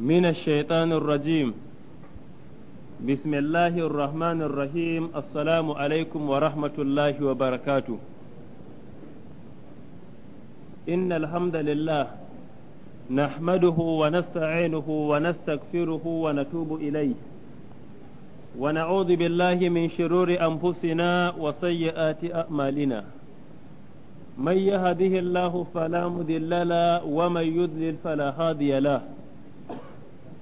من الشيطان الرجيم بسم الله الرحمن الرحيم السلام عليكم ورحمة الله وبركاته إن الحمد لله نحمده ونستعينه ونستغفره ونتوب إليه ونعوذ بالله من شرور أنفسنا وسيئات أعمالنا من يهده الله فلا مذل له ومن يذلل فلا هادي له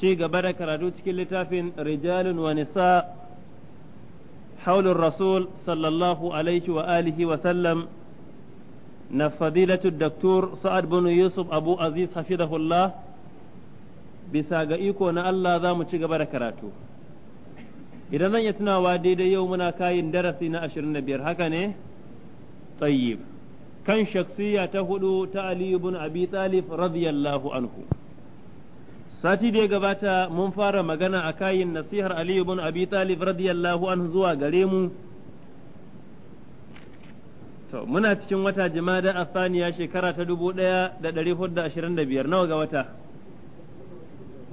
ci gaba da karatu cikin littafin rijalun wa nisa haulun rasul sallallahu alaihi wa alihi wa sallam na fadilatu daktur sa'ad bin yusuf abu aziz hafidahullah bisa ga iko na Allah za mu ci gaba da karatu idan zan iya tunawa daidai yau muna kayin darasi na biyar, haka ne tayyib kan shaksiya ta hudu ta Aliyu bin Abi Talib radiyallahu anhu sati da ya gabata mun fara magana a kayin nasihar Ali ibn Abi Talib radiyallahu anhu zuwa gare mu to muna cikin wata jimada asaniya shekara ta dubu ɗaya da ɗari ashirin da biyar nawa ga wata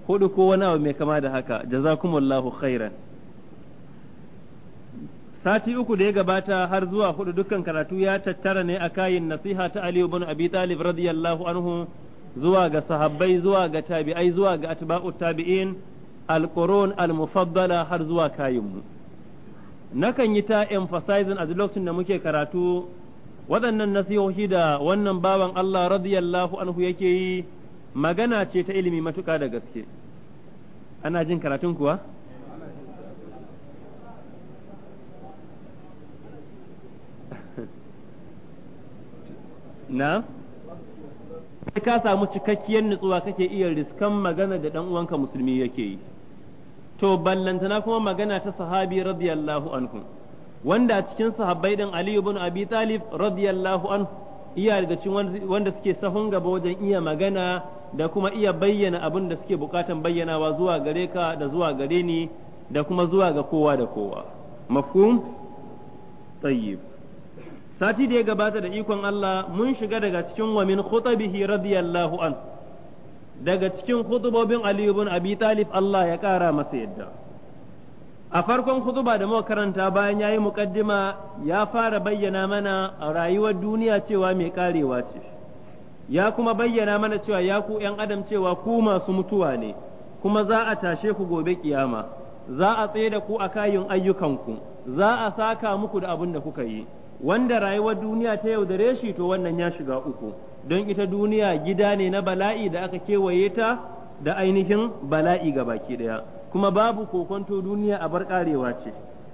hudu ko wani abu mai kama da haka jazakumullahu khairan sati uku da ya gabata har zuwa hudu dukkan karatu ya tattara ne a kayin nasiha ta Ali ibn Abi Talib radiyallahu anhu zuwa ga sahabbai zuwa ga tabi'ai zuwa ga atba'u tabi'in al mufaddala har zuwa kayinmu nakan yi ta emphasizing a lokacin da muke karatu waɗannan nasihohi da wannan bawan Allah radiyallahu anhu yake yi magana ce ta ilimi matuƙa da gaske ana jin karatun kuwa na sai ka samu cikakkiyar nutsuwa kake iya riskan magana da dan uwanka musulmi yake yi to ballantana kuma magana ta sahabi radiyallahu anhu wanda a cikin sahabbai din Ali ibn Abi Talib radiyallahu anhu iya daga cikin wanda suke sahun gaba wajen iya magana da kuma iya bayyana abin da suke bukatan bayyanawa zuwa gare ka da zuwa gare ni da kuma zuwa ga kowa da kowa mafhum tayyib sati da ya gabata da ikon Allah mun shiga daga cikin wa min khutabihi radiyallahu an daga cikin khutubobin Ali ibn Abi Talib Allah ya kara masa yadda a farkon khutuba da muka karanta bayan yayi muqaddima ya fara bayyana mana rayuwar duniya cewa mai karewa ce ya kuma bayyana mana cewa ya ku yan adam cewa ku masu mutuwa ne kuma za a tashe ku gobe kiyama za a tsaye da ku a kayin ayyukanku za a saka muku da abin da kuka yi wanda rayuwar duniya ta yaudare shi to wannan ya shiga uku don ita duniya gida ne na bala'i da aka kewaye ta da ainihin bala'i ga baki daya kuma babu kokonto duniya a bar karewa ce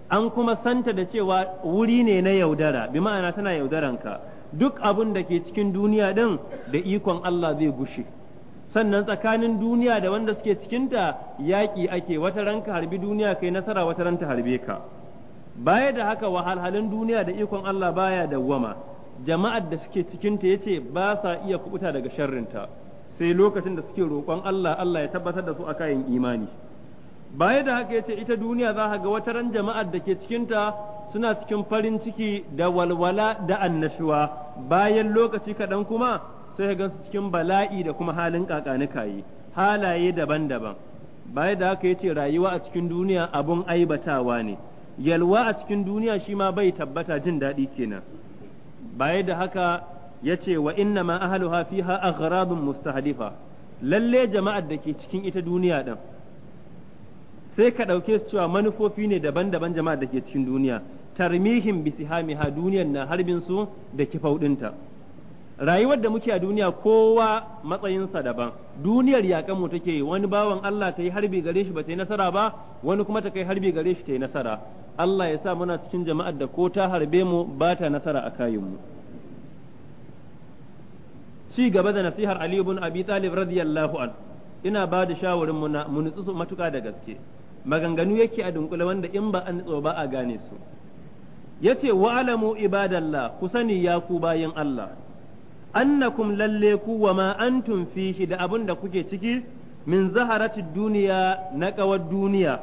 an kuma santa da cewa wuri ne na yaudara bi ma'ana tana yaudaranka duk abin da ke cikin duniya din da ikon Allah zai gushe sannan tsakanin duniya da wanda suke cikinta yaƙi ake wata ranka harbi duniya kai nasara wata ranta harbe ka baya da haka wahalhalun duniya da ikon Allah baya dawwama jama'ar da suke cikin ta yace ba sa iya kubuta daga sharrinta sai lokacin da suke roƙon Allah Allah ya tabbatar da su a kayan imani baya da haka yace ita duniya za ka ga wata ran jama'ar da ke cikinta suna cikin farin ciki da walwala da annashuwa bayan lokaci kaɗan kuma sai ka su cikin bala'i da kuma halin kakanikayi halaye daban-daban baya da haka yace rayuwa a cikin duniya abun aibatawa ne yalwa a cikin duniya shi ma bai tabbata jin daɗi kenan baya da haka ya ce wa inna ma ahaluha fiha aghrabun mustahadifa lalle jama'ar da ke cikin ita duniya ɗin sai ka ɗauke su cewa manufofi ne daban-daban jama'ar da ke cikin duniya tarmihin tarmihim bisihamiha duniyar na harbin su da kifaudinta rayuwar da muke a duniya kowa matsayinsa daban duniyar yakan mu take wani bawan Allah ta yi harbi gare shi ba ta yi nasara ba wani kuma ta kai harbi gare shi ta yi nasara Allah ya sa muna cikin jama'ar da ko ta harbe mu ba ta nasara a kayan mu ci gaba da nasihar Ali ibn Abi Talib radiyallahu an ina ba da shawarin mu na mu nutsu matuka da gaske maganganu yake a dunkule wanda in ba an tsoba ba a gane su yace wa alamu ibadallah ku sani ya ku bayin Allah annakum lalle ku wa ma antum fihi da abin da kuke ciki min zaharati duniya na kawar duniya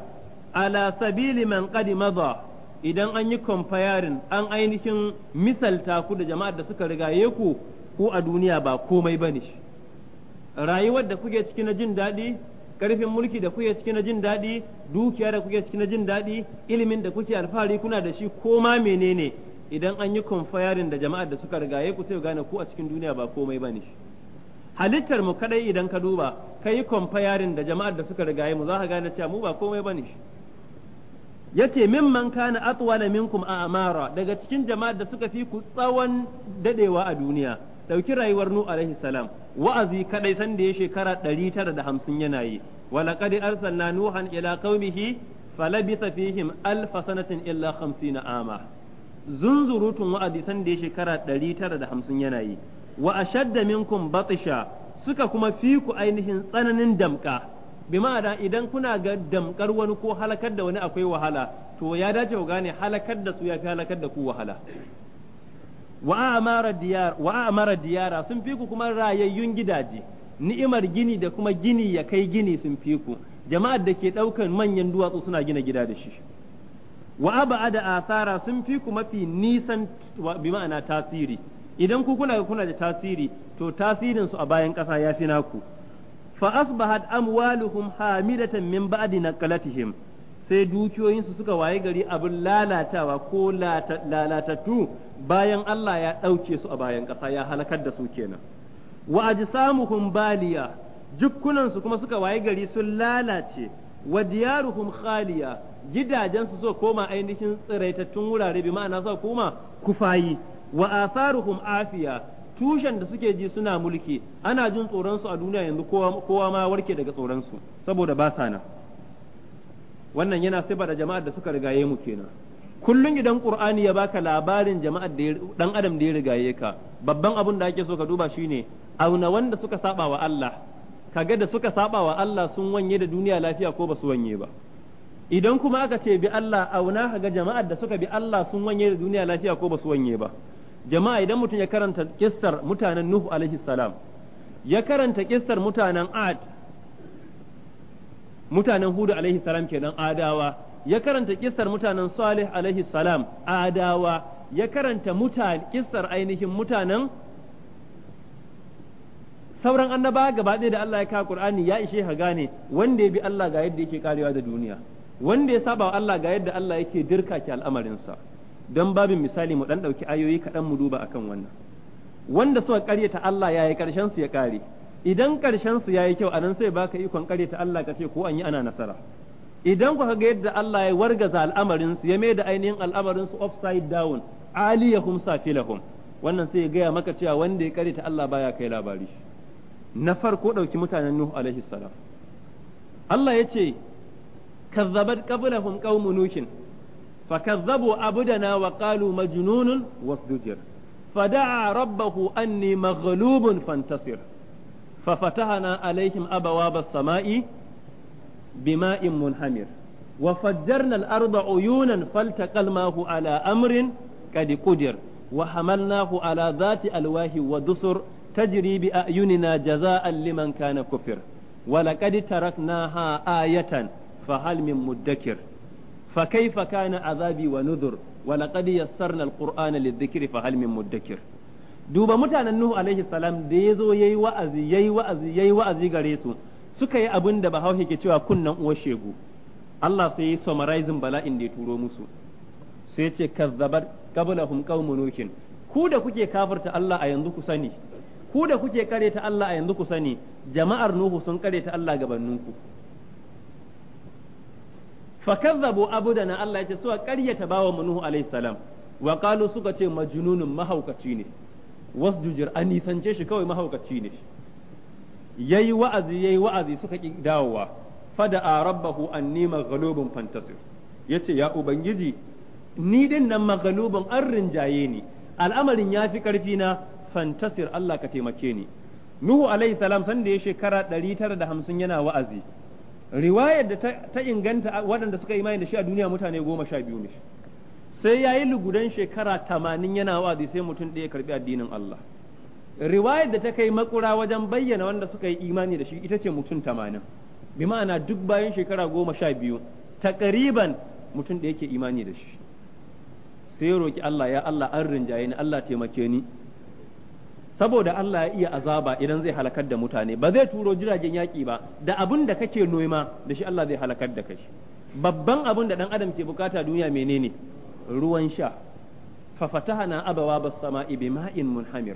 ala sabili man qad madha idan an yi comparing an ainihin misalta ku da jama'ar da suka rigaye ku ku a duniya ba komai bane rayuwar da kuke ciki na jin daɗi karfin mulki da kuke ciki na jin daɗi dukiya da kuke ciki na jin daɗi ilimin da kuke alfahari kuna da shi koma menene idan an yi konfayarin da jama'ar da suka riga rigaye ku sai gane ku a cikin duniya ba komai bane halittar mu kadai idan ka duba kai konfayarin da jama'ar da suka riga rigaye mu za ka gane cewa mu ba komai bane yace mimman kana atwala minkum a amara daga cikin jama'ar da suka fi ku tsawon dadewa a duniya dauki rayuwar nu alaihi salam wa'azi kadai san da ya shekara 950 yana yi ولقد أرسلنا نوحا إلى قومه فلبث فيهم ألف سنة إلا خمسين Ama. zunzurutun wa'adi san da ya shekara hamsin yana yi wa ashadda minkum batisha suka kuma fi ku ainihin tsananin damka bi ma'ana idan kuna ga damkar wani ko halakar da wani akwai wahala to ya dace ku gane halakar da su ya fi halakar da ku wahala wa amara diyar wa amara diyara sun fi ku kuma rayayyun gidaje ni'imar gini da kuma gini ya kai gini sun fi ku jama'ar da ke ɗaukar manyan duwatsu suna gina gida da shi wa da asara sun fi ku mafi nisan bi ma'ana tasiri idan ku kuna kuna da tasiri to tasirin su a bayan ƙasa ya fi naku fa asbahat amwaluhum hamidatan min ba'di naqalatihim sai dukiyoyinsu suka waye gari abin lalatawa ko lalatattu bayan Allah ya ɗauke su a bayan ƙasa ya halakar da su kenan wa ajsamuhum baliya jukkunansu kuma suka waye gari sun lalace wa diyaruhum khaliya gidajen su so koma ainihin tsiraitattun wurare bi ma'ana so koma kufayi wa atharuhum afiya tushen da suke ji suna mulki ana jin tsoron su a duniya yanzu kowa ma warke daga tsoron su saboda ba sana wannan yana sifa da jama'ar da suka rigaye mu kenan kullun idan qur'ani ya baka labarin jama'ar da dan adam da ya rigaye ka babban abun da ake so ka duba shine auna wanda suka saba wa Allah kaga da suka saba wa Allah sun wanye da duniya lafiya ko ba su wanye ba idan kuma aka ce bi Allah auna ga jama'ar da suka bi Allah sun wanye da duniya lafiya ko ba su wanye ba jama'a idan mutum ya karanta kissar mutanen Nuhu alaihi salam ya karanta kissar mutanen Ad mutanen Hudu alaihi salam kenan Adawa ya karanta kissar mutanen Salih alaihi salam Adawa ya karanta mutan kissar ainihin mutanen sauran annaba gaba ɗaya da Allah ya kawo Qur'ani ya ishe ka gane wanda ya bi Allah ga yadda yake karewa da duniya wanda ya saba wa Allah ga yadda Allah yake dirka ki al'amarinsa don babin misali mu dan ɗauki ayoyi kaɗan mu duba akan wannan wanda suka ta Allah yayi karshen su ya kare idan karshen su yayi kyau anan sai baka ikon ta Allah ka ce ko an yi ana nasara idan ku ga yadda Allah ya wargaza al'amarinsu su ya maida ainihin al'amarinsu su upside down aliyahum safilahum wannan sai ya gaya maka cewa wanda ya ta Allah baya kai labari na farko dauki mutanen Nuhu alaihi salam Allah ya ce kazzabat qablahum qaumu nuhin fakazzabu abdana wa qalu majnunun wasdujir فدعا ربه أني مغلوب فانتصر ففتحنا عليهم أبواب السماء بماء منهمر وفجرنا الأرض عيونا فالتقى الماء على أمر قد قدر وحملناه على ذات ألواه ودسر تجري بأعيننا جزاء لمن كان كفر ولقد تركناها آية فهل من مدكر فكيف كان عذابي ونذر ولقد يسرنا القرآن للذكر فهل من مدكر duba mutanen Nuhu alaihi salam da ya zo yayi wa'azi yayi wa'azi yayi wa'azi suka yi abin da Bahaushe ke cewa kunnan uwar shegu Allah sai ya summarizing bala'in da ya turo musu sai ya ce kazzabat qablahum qaumun nuhin ku da kuke kafirta Allah a yanzu ku sani ku da kuke kare ta Allah a yanzu ku sani jama'ar Nuhu sun kare ta Allah gabaninku ku fakazzabu abudana Allah ya ce suka karyata bawa mu Nuhu alaihi salam wa qalu suka ce majnunun mahaukaci ne wasjujir an nisance shi kawai mahaukaci ne yayi wa'azi yayi wa'azi suka ki dawowa fada rabbahu anni maghlubun fantasir yace ya ubangiji ni din nan maghlubun an rinjaye ni al'amarin yafi karfi na fantasir Allah ka taimake ni Nuhu alayhi salam sanda ya shekara 950 yana wa'azi riwayar da ta inganta waɗanda suka yi imani da shi a duniya mutane goma sha biyu ne sai ya yi lugudan shekara tamanin yana wa'azi sai mutum ɗaya karɓi addinin Allah riwayar da ta kai makura wajen bayyana wanda suka yi imani da shi ita ce mutum tamanin bi ma'ana duk bayan shekara goma sha biyu ta kariban mutum ɗaya ke imani da shi sai ya Allah ya Allah an rinjaye ni Allah taimake ni saboda Allah ya iya azaba idan zai halakar da mutane ba zai turo jiragen yaƙi ba da abin da kake noma da shi Allah zai halakar da kai babban abin da dan adam ke bukata duniya menene ruwan sha fa fatahana abawa bas sama'i bima'in munhamir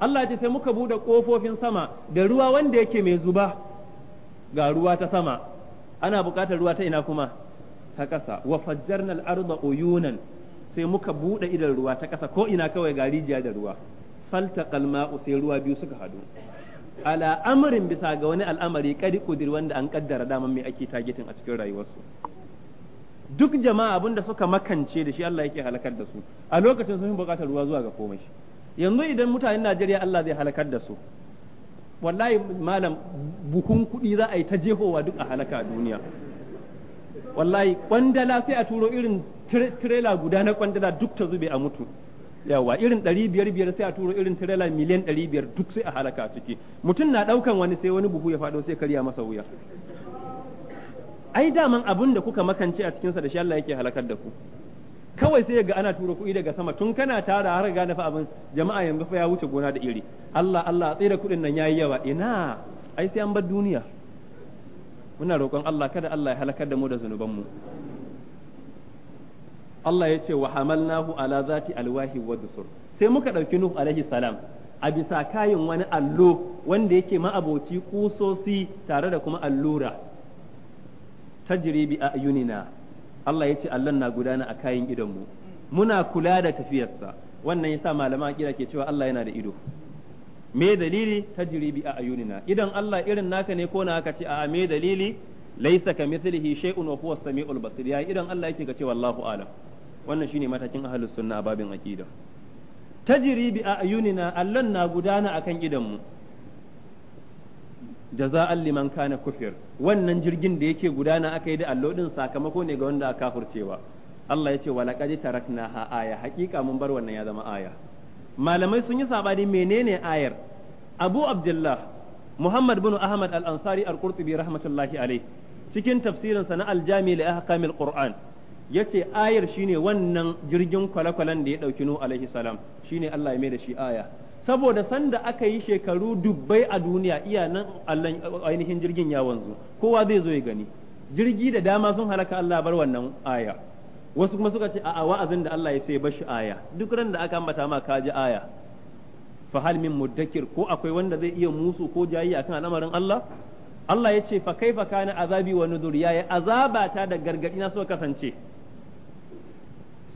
Allah ya sai muka bude kofofin sama da ruwa wanda yake mai zuba ga ruwa ta sama ana bukatar ruwa ta ina kuma ta ƙasa wa fajjarnal arda uyunan sai muka bude idan ruwa ta ƙasa ko ina kawai ga rijiya da ruwa faltaqal ma'u sai ruwa biyu suka hadu ala amrin bisa ga wani al'amari kadi kudir wanda an kaddara daman mai ake targeting a cikin rayuwarsu duk jama'a abinda suka makance da shi Allah yake halakar da su a lokacin sun buƙatar ruwa zuwa ga komai yanzu idan mutanen Najeriya Allah zai halakar da su wallahi malam buhun kuɗi za a yi ta jehowa duk a halaka a duniya wallahi kwandala sai a turo irin tirela guda na kwandala duk ta zube a mutu yawa irin ɗari biyar biyar sai a turo irin tirela miliyan ɗari biyar duk sai a halaka ciki mutum na ɗaukan wani sai wani buhu ya faɗo sai karya masa wuya ai daman abin da kuka makance a cikinsa da shi Allah yake halakar da ku kawai sai ga ana turo kuɗi daga sama tun kana tara har gane fa abin jama'a yanzu fa ya wuce gona da iri Allah Allah tsira kuɗin nan yayi yawa ina ai sai an bar duniya muna roƙon Allah kada Allah ya halakar da mu da zunuban mu Allah ya ce wa hamalnahu ala zati alwahi wa dusur sai muka ɗauki Nuhu alaihi salam a bisa kayin wani allo wanda yake ma'aboci kusosi tare da kuma allura tajribi a ayunina Allah ya ce allan na gudana a kayan mu muna kula da tafiyarsa wannan yasa malama kira ke cewa Allah yana da ido me dalili tajribi a ayunina idan Allah irin naka ne ko na ka ce a me dalili laysa kamithlihi shay'un wa huwa as-sami'ul basir ya idan Allah yake ka ce wallahu a'lam wannan shine matakin ahlus sunna a babin aqida tajri bi ayunina allan na gudana akan mu jaza'an liman kana kufir wannan jirgin da yake gudana aka yi da allo din sakamako ne ga wanda aka kafurcewa Allah ya ce wa laqad ha aya haqiqa mun bar wannan ya zama aya malamai sun yi sabani menene ayar Abu Abdullah Muhammad bin Ahmad Al-Ansari Al-Qurtubi rahmatullahi alayh cikin tafsirin sana na Al-Jami li Ahkamil Qur'an yace ayar shine wannan jirgin kwale-kwalen da ya dauki Nuhu alaihi salam shine Allah ya mai da shi aya saboda sanda aka yi shekaru dubbai a duniya iya nan ainihin jirgin ya wanzu kowa zai zo ya gani jirgi da dama sun halaka Allah bar wannan aya wasu kuma suka ce a wa'azin da Allah ya sai bashi aya duk ran da aka ambata ma ka ji aya fa hal min mudakkir ko akwai wanda zai iya musu ko jayi akan al'amarin Allah Allah ya ce fa kaifa kana azabi wa nuzur yayi azabata da gargadi na suka kasance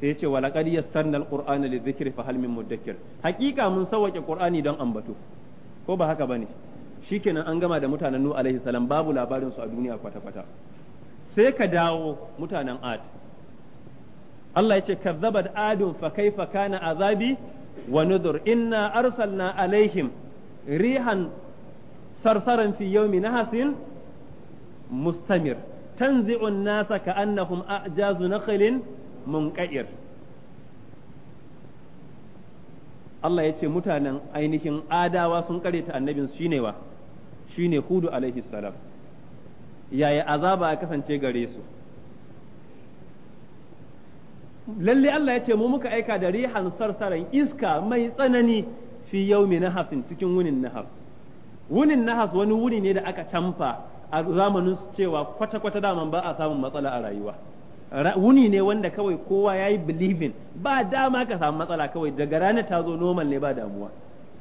sai ya ce wa laqad yassarna alqur'ana lidhikri fa hal min mudakkir hakika mun sawwake qur'ani don ambato ko ba haka bane shikenan an gama da mutanen nu alaihi salam babu labarin su a duniya kwata kwata sai ka dawo mutanen ad Allah ya ce da adun fa kaifa kana azabi wa nudhur inna arsalna alaihim rihan sarsaran fi yawmi nahasin mustamir tanzi'un an-nasa ka'annahum a'jazu nakhlin munƙa'ir Allah ya ce mutanen ainihin adawa sun kare ta annabin shine wa ne hudu alaihi salam yaya azaba ya kasance gare su lalle Allah ya ce mu muka aika da rihan sarsaran iska mai tsanani fi yaumi nahasin cikin wunin nahas wunin nahas wani wuni ne da aka canfa a zamanin cewa kwata-kwata daman ba a samun matsala a rayuwa wuni ne wanda kawai kowa ya yi bilibin ba dama ka samu matsala kawai daga ranar ta zo normal ne ba damuwa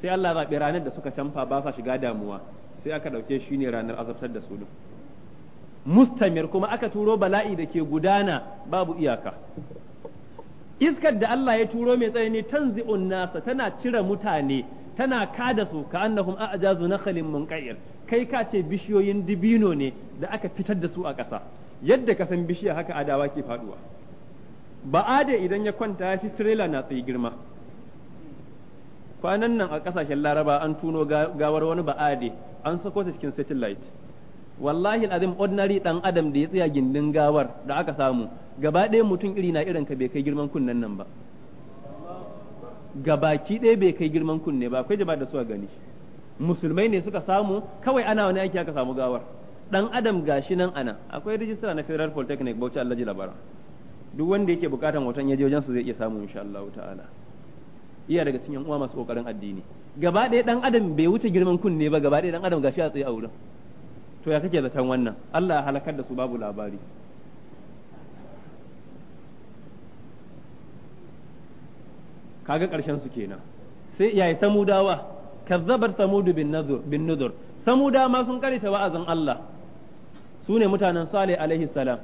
sai Allah zaɓi ranar da suka canfa ba sa shiga damuwa sai aka ɗauke shi ne ranar azabtar da su mustamir kuma aka turo bala'i da ke gudana babu iyaka iskar da Allah ya turo mai tsanani ne tanzi'un nasa tana cire mutane tana kada su ka annahum a'jazu nakhalin munqair kai ka ce bishiyoyin dibino ne da aka fitar da su a ƙasa yadda ka san bishiya haka adawa ke faduwa ba idan ya kwanta ya fi trailer na tsaye girma kwanan nan a kasashen laraba an tuno gawar wani ba an sako ta cikin satellite wallahi azim ordinary dan adam da ya tsaya gindin gawar da aka samu gaba ɗaya mutum iri na irin ka bai kai girman kunnen nan ba gabaki ɗaya bai kai girman kunne ba akwai jama'a da suka gani musulmai ne suka samu kawai ana wani aiki aka samu gawar dan adam gashi nan ana akwai rijista na Federal Polytechnic Bauchi Allah ji labara duk wanda yake bukatan hoton ya je wajen su zai iya samu insha Allah ta'ala iya daga cikin uwa masu kokarin addini gaba ɗaya dan adam bai wuce girman kunne ba gaba ɗaya dan adam gashi a tsaye a wurin to ya kake zaton wannan Allah halakar da su babu labari kaga karshen su kenan sai yayi samudawa kazzabar samudu bin nazur bin nuzur samuda ma sun karita wa'azin Allah Sune mutanen Salih alaihi salam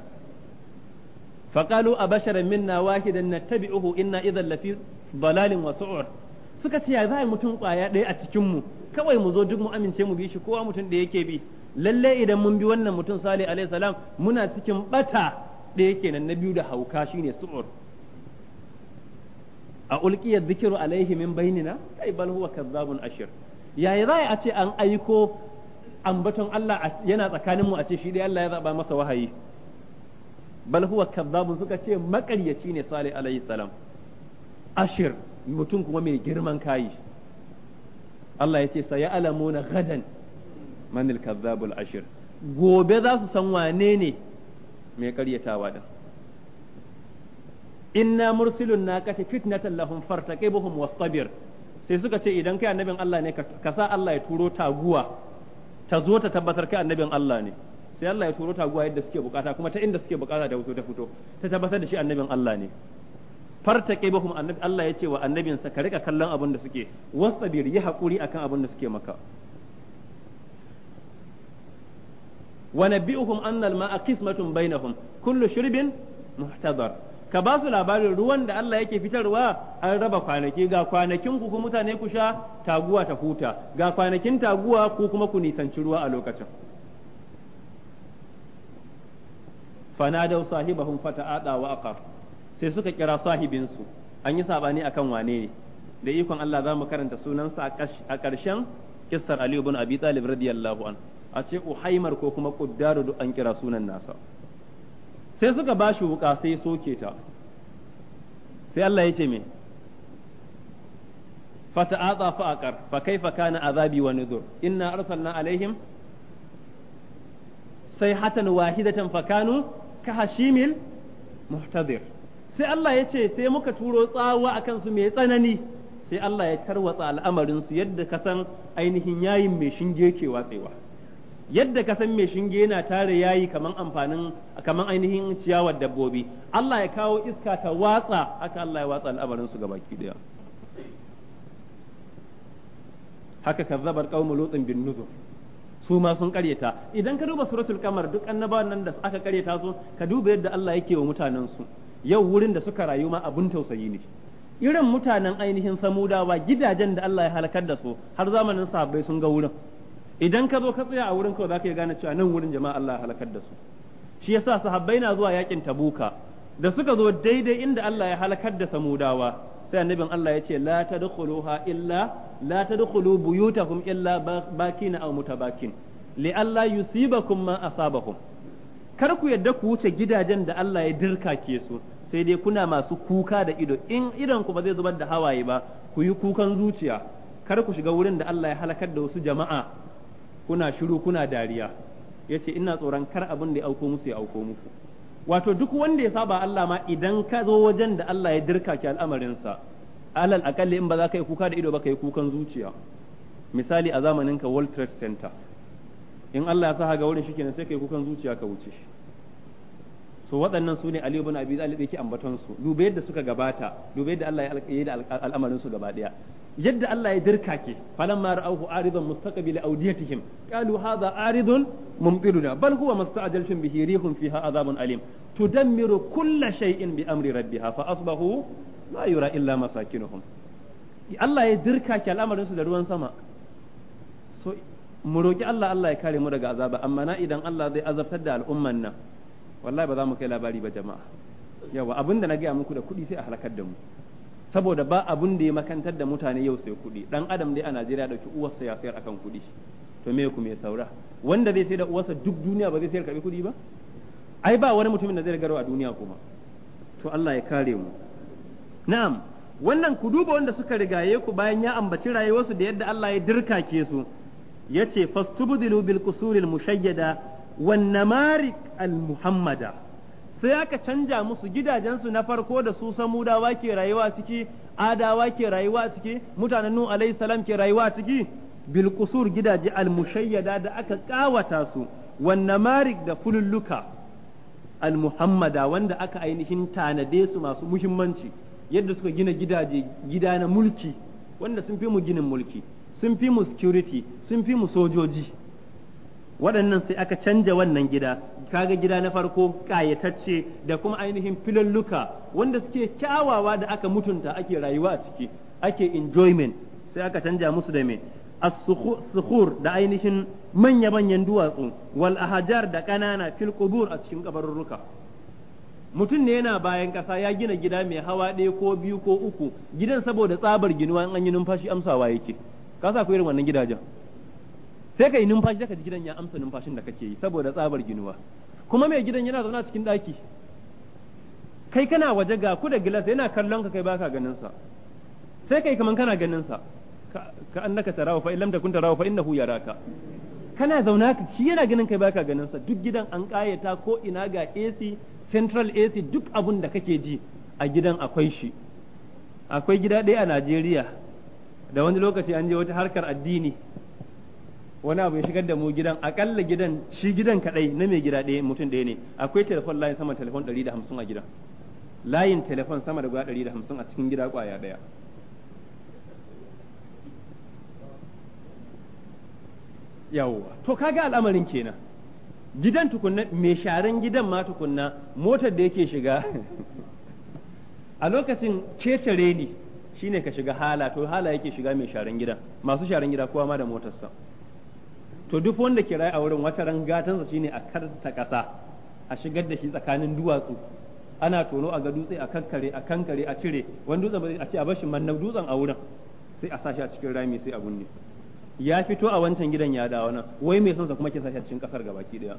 faqalu abasharan minna wahidan nattabi'uhu inna idhal lafi dalalin wa su'ur suka ce ya za mutum kwaya ɗaya a cikin mu kawai mu zo duk mu amince mu bi shi kowa mutum da yake bi lalle idan mun bi wannan mutum Salih alaihi salam muna cikin bata ɗaya kenan na biyu da hauka shine su'ur a ulqiya dhikru alaihi min bainina kai bal huwa kazzabun ashir yaya za a ce an aiko ambaton Allah yana tsakanin mu a ce shi dai Allah ya zaba masa wahayi bal huwa kadzabun suka ce makaryaci ne Salih alaihi salam ashir mutum kuma mai girman kai Allah ya ce sayalamuna gadan manil kadzabul ashir gobe za su san wane ne mai karyatawa din inna mursilun naqati fitnatan lahum fartaqibuhum wastabir sai suka ce idan kai annabin Allah ne ka sa Allah ya turo taguwa ta zo ta tabbatar kai annabin Allah ne sai Allah ya turo taguwa yadda suke bukata kuma ta inda suke bukata ta fito ta fito ta tabbatar da shi annabin Allah ne farta kai bahum annabi Allah ya ce wa annabinsa ka rika kallon abin da suke wasabir yi hakuri akan abin da suke maka wa nabbi'uhum anna al-ma'a qismatun bainahum kullu shirbin muhtadar ka ba su labarin ruwan da Allah yake fitarwa an raba kwanaki ga kwanakin ku mutane ku sha taguwa ta huta ga kwanakin taguwa ku kuma ku nisanci ruwa a lokacin fanadau sahibahum fata'ada wa aqaf sai suka kira sahibinsu an yi sabani akan wane ne da ikon Allah za mu karanta sunansa a ƙarshen kissar Ali ibn Abi Talib radiyallahu an a ce Uhaimar ko kuma Quddaru an kira sunan nasa sai suka ba shi wuka sai soke ta sai Allah ya ce me fa fa'aqar fa kaifa kana azabi wa nuzur inna arsalna alaihim sai hatan wahidatan fa kanu ka hashimil muhtadir sai Allah ya ce sai muka turo tsawa akan su mai tsanani sai Allah ya tarwatsa al'amarin su yadda ka san ainihin yayin mai shinge ke watsewa yadda ka san mai shinge yana tare yayi kaman amfanin kaman ainihin ciyawar dabbobi Allah ya kawo iska ta watsa haka Allah ya watsa al'amarin su gabaki daya haka kazzabar qaumu lutin bin nuzur su ma sun karyata idan ka duba suratul kamar duk annabawan nan da aka karyata su ka duba yadda Allah yake wa mutanen su yau wurin da suka rayu ma abun tausayi ne irin mutanen ainihin samudawa gidajen da Allah ya halakar da su har zamanin sahabbai sun ga wurin idan ka zo ka tsaya a wurin kawai zaka yi gane cewa nan wurin jama'a Allah halakar da su shi yasa sahabbai na zuwa yakin tabuka da suka zo daidai inda Allah ya halakar da samudawa sai annabin Allah ya ce la tadkhuluha illa la tadkhulu buyutahum illa bakina aw mutabakin li alla yusibakum ma asabahum kar ku yadda ku wuce gidajen da Allah ya dirka ke su sai dai kuna masu kuka da ido in idan ku ba zai zubar da hawaye ba ku yi kukan zuciya kar ku shiga wurin da Allah ya halakar da wasu jama'a kuna shiru kuna dariya yace ina tsoron kar abin da ya auko musu ya auko muku wato duk wanda ya saba Allah ma idan ka zo wajen da Allah ya dirka ki al'amarin sa alal akalli in ba za ka yi kuka da ido ba ka yi kukan zuciya misali a zamanin ka World Trade Center in Allah ya saha ga wurin shi kenan sai ka yi kukan zuciya ka wuce shi so waɗannan su ne Ali ibn Abi Talib yake ambaton su dubai yadda suka gabata dubai yadda Allah ya yi da al'amarin su gaba daya yadda Allah ya dirka ke dirkake falamma ra'awhu aridan mustaqbil awdiyatihim qalu hadha aridun mumtiruna bal huwa musta'jalun bihi rihun fiha azabun alim tudammiru kulla shay'in bi amri rabbiha fa asbahu la yura illa masakinuhum Allah ya dirka ke al'amarin su da ruwan sama so mu roki Allah Allah ya kare mu daga azaba amma na idan Allah zai azabtar da al'umman nan wallahi ba za mu kai labari ba jama'a yawa abinda na gaya muku da kuɗi sai a halakar da mu saboda ba abun da ya makantar da mutane yau sai kuɗi dan adam dai a Najeriya dauki uwarsa ya sayar akan kuɗi to me ku me saura wanda zai sai da uwarsa duk duniya ba zai sayar karbi kuɗi ba ai ba wani mutumin da zai garo a duniya kuma to Allah ya kare mu na'am wannan ku duba wanda suka rigaye ku bayan ya ambaci rayuwarsu da yadda Allah ya dirkake su yace fastubdilu bil qusuril mushayyada wan namariq al muhammada sai aka canja musu gidajensu na farko da su samudawa ke rayuwa ciki adawa ke rayuwa ciki mutanen nu alayhi salam ke rayuwa ciki bil gidaje al mushayyada da aka kawata su wannan Marik da fululluka al muhammada wanda aka ainihin tanade su masu muhimmanci yadda suka gina gidaje gida na mulki wanda sun fi mu ginin mulki sun fi mu security sun fi mu sojoji waɗannan sai aka canja wannan gida kaga gida na farko ƙayatacce da kuma ainihin filalluka wanda suke kyawawa da aka mutunta ake rayuwa a ciki ake enjoyment sai aka canja musu da me as-sukhur da ainihin manya-manyan duwatsu wal ahajar da ƙanana fil qubur a cikin kabarurruka mutum ne yana bayan ƙasa ya gina gida mai hawa ɗaya ko biyu ko uku gidan saboda tsabar ginuwa in an yi numfashi amsawa yake ka sa ku irin wannan gidajen sai ka yi numfashi sai ka ji gidan ya amsa numfashin da kake yi saboda tsabar ginuwa kuma mai gidan yana zaune a cikin daki kai kana waje ga ku da gilas yana kallon ka kai baka ganin sa sai kai kaman kana ganin sa ka annaka tarawa fa illam takun tarawa fa innahu yaraka kana zauna shi yana ganin kai baka ganin sa duk gidan an kayata ko ina ga AC central AC duk abun da kake ji a gidan akwai shi akwai gida ɗaya a Najeriya da wani lokaci an je wata harkar addini wani abu ya shigar da mu gidan akalla gidan shi gidan kadai na mai gida ɗaya mutum ɗaya ne akwai telefon layin sama telefon 150 a gidan layin telefon sama da guda 150 a cikin gida kwaya ɗaya yawwa to kaga al'amarin kenan gidan tukunna mai sharan gidan ma tukunna motar da yake shiga a lokacin ketare ne shine ka shiga hala to hala yake shiga mai sharan gida masu sharan gida kowa ma da motarsa to duk wanda ke rayu a wurin wata ran gatansa shine a karta kasa a shigar da shi tsakanin duwatsu ana tono a ga dutse a kankare a kankare a cire wani dutsen a ce a bashi manna dutsen a wurin sai a sashi a cikin rami sai a bunne ya fito a wancan gidan ya dawo nan wai mai son sa kuma ke sashi a cikin kasar gabaki daya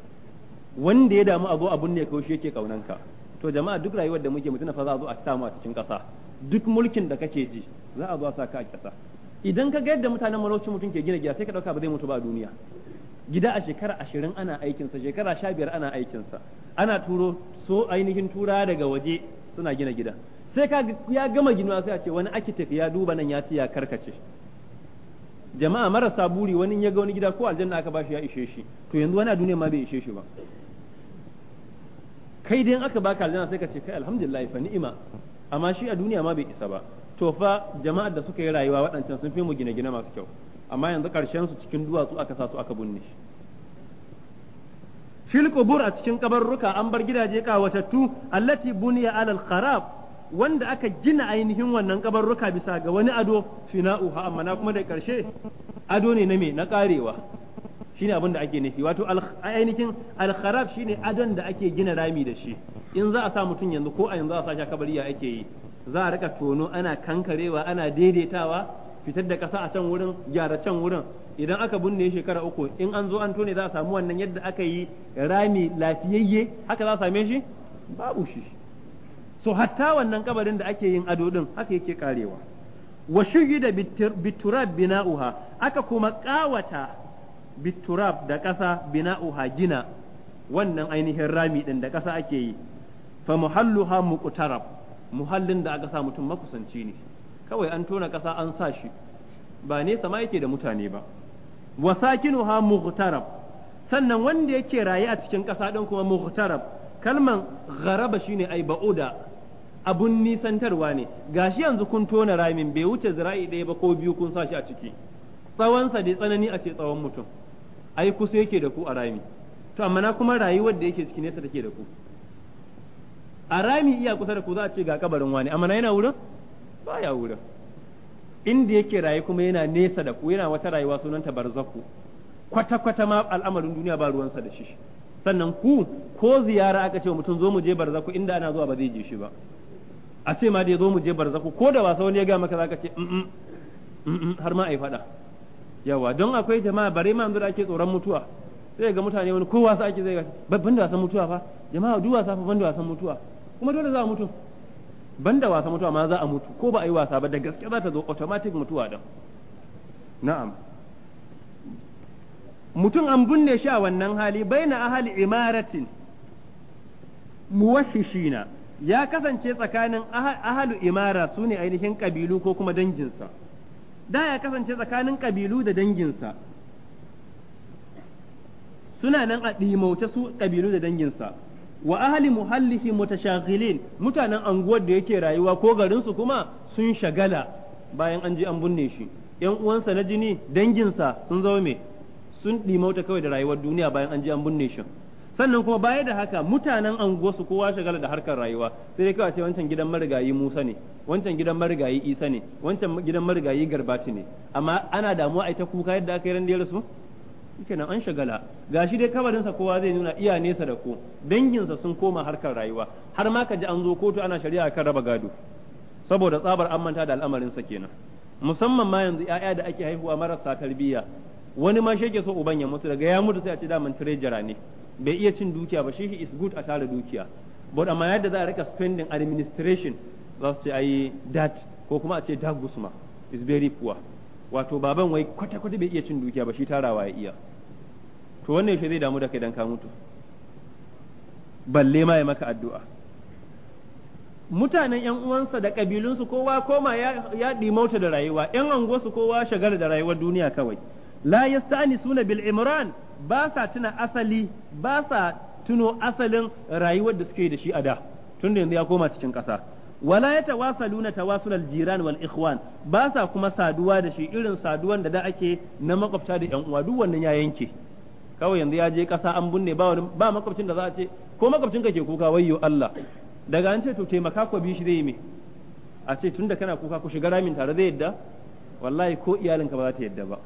wanda ya damu abu abun ne shi yake ka to jama'a duk rayuwar da muke mutuna fa za a zo a samu a cikin kasa duk mulkin da kake ji za a zo a sa ka a kasa idan ka ga yadda mutanen marauci mutum ke gina gida sai ka dauka ba zai mutu ba a duniya gida a shekara ashirin ana aikinsa shekara sha biyar ana aikinsa ana turo so ainihin tura daga waje suna gina gida sai ka ya gama ginuwa sai a ce wani akitek ya duba nan ya ce ya karkace jama'a marasa buri wani ya ga wani gida ko aljanna aka bashi ya ishe shi to yanzu wani a duniya ma bai ishe shi ba kai dai aka baka aljanna sai ka ce kai alhamdulillah fa ni'ima amma shi a duniya ma bai isa ba to fa jama'ar da suka yi rayuwa waɗancan sun fi mu gine-gine masu kyau amma yanzu ƙarshen su cikin duwatsu aka sa su aka binne shi fil qubur a cikin kabarruka an bar gidaje kawatattu allati buniya alal kharab wanda aka gina ainihin wannan kabarruka bisa ga wani ado fina'uha amma na kuma da ƙarshe ado ne na me na karewa shine abin da ake nufi wato ainihin alkharab shine adon da ake gina rami da shi in za a sa mutum yanzu ko a yanzu a sa shi ya ake yi za a rika tono ana kankarewa ana daidaitawa fitar da kasa a can wurin gyara can wurin idan aka binne shekara uku in an zo an tone za a samu wannan yadda aka yi rami lafiyayye haka za a same shi babu shi so hatta wannan kabarin da ake yin ado din haka yake karewa wa shuhida biturab bina'uha aka kuma kawata biturab da ƙasa bina'uha gina wannan ainihin rami din da ƙasa ake yi fa muhalluha muqtarab muhallin da aka sa mutum makusanci ne kawai an tona ƙasa an sa shi ba nesa ma yake da mutane ba wa sakinuha muqtarab sannan wanda yake raye a cikin ƙasa din kuma muqtarab kalman gharaba shine ai ba'uda abun nisantarwa ne gashi yanzu kun tona ramin bai wuce zira'i ɗaya ba ko biyu kun sa shi a ciki tsawonsa dai tsanani a ce tsawon mutum ai kusa yake da ku a rami to amma na kuma rayuwar da yake ciki nesa take da ku a rami iya kusa da ku za a ce ga kabarin wani amma na yana wurin baya wurin inda yake raye kuma yana nesa da ku yana wata rayuwa sunanta barzaku kwata kwata ma al'amarin duniya ba ruwansa da shi sannan ku ko ziyara aka ce mutum zo mu je barzaku inda ana zuwa ba zai je shi ba a ce ma dai zo mu je barzaku ko da wasa wani ya ga maka zaka ce har ma ai fada yawa don akwai jama'a bare ma da ake tsoron mutuwa sai ga mutane wani kowa sa ake zai ga ban da wasan mutuwa fa jama'a duk wasa fa ban da wasan mutuwa kuma dole za a mutu ban da mutuwa ma za a mutu ko ba a yi wasa ba da gaske za ta zo automatic mutuwa da na'am mutum an binne shi a wannan hali baina ahli imaratin muwashishina ya kasance tsakanin ahalu imara su ne ainihin kabilu ko kuma danginsa da ya kasance tsakanin kabilu da danginsa suna nan a ɗimauta su kabilu da danginsa wa ahli muhallihi mutashaghilin mutanen anguwar da yake rayuwa ko garinsu kuma sun shagala bayan an je an binne shi ƴan uwansa na jini danginsa sun zama me sun ɗimauta kawai da rayuwar duniya bayan an je an binne shi sannan kuma baya da haka mutanen su kowa shagala da harkar rayuwa sai dai kawai ce wancan gidan marigayi Musa ne wancan gidan marigayi Isa ne wancan gidan marigayi garbati ne amma ana damuwa ai ta kuka yadda aka yi ran da yake nan an shagala gashi dai kabarinsa kowa zai nuna iya nesa da ku danginsa sun koma harkar rayuwa har ma ka ji an zo kotu ana shari'a kan raba gado saboda tsabar amanta da da al'amarinsa kenan musamman ma yanzu 'ya'ya da ake haihuwa marasa tarbiyya wani ma shege so uban ya mutu daga ya mutu sai a ce daman tirejara ne bai iya cin dukiya ba shi is good a tara dukiya but amma yadda za a rika spending administration za su ce ayi dat ko kuma a ce dat gusma is very poor wato baban wai kwata kwata bai iya cin dukiya ba shi tarawa ya iya to wannan yake zai damu da kai dan ka mutu balle ma ya maka addu'a mutanen yan uwansa da kabilunsu kowa koma ya dimauta da rayuwa yan anguwarsu kowa shagala da rayuwar duniya kawai la suna bil imran ba sa tuna asali ba sa tuno asalin rayuwar da suke da shi a da tun da yanzu ya koma cikin ƙasa wala ya tawasalu na tawasulal jiran wal ikhwan ba sa kuma saduwa da shi irin saduwan da da ake na makwabta da yan uwa duk wannan ya yanke kawai yanzu ya je ƙasa an binne ba ba makwabcin da za a ce ko makwabcin ka ke kuka wayyo Allah daga an ce to taimaka ko bi shi zai yi me a ce tunda kana kuka ku shiga ramin tare zai yadda wallahi ko iyalinka ba za ta yadda ba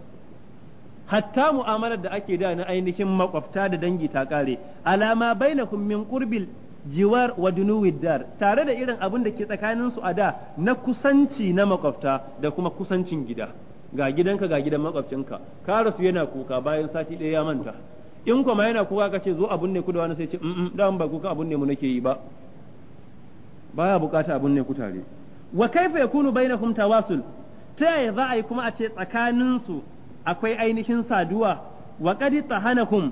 hatta mu'amalar da ake da na ainihin makwabta da dangi ta kare alama bainakum min qurbil jiwar wa dunuwid dar tare da irin abin da ke tsakanin su a da na kusanci na makwabta da kuma kusancin gida ga gidanka ga gidan makwabcinka karasu yana kuka bayan sati ɗaya ya manta in kuma yana kuka ka ce zo abun ne ku da wani sai ce mm, mm da ba kuka abun ne mu nake yi ba baya bukata abun ne ku tare wa kaifa yakunu bainakum tawasul ta yaya za a yi kuma a ce tsakanin su akwai ainihin saduwa wa hana tahanakum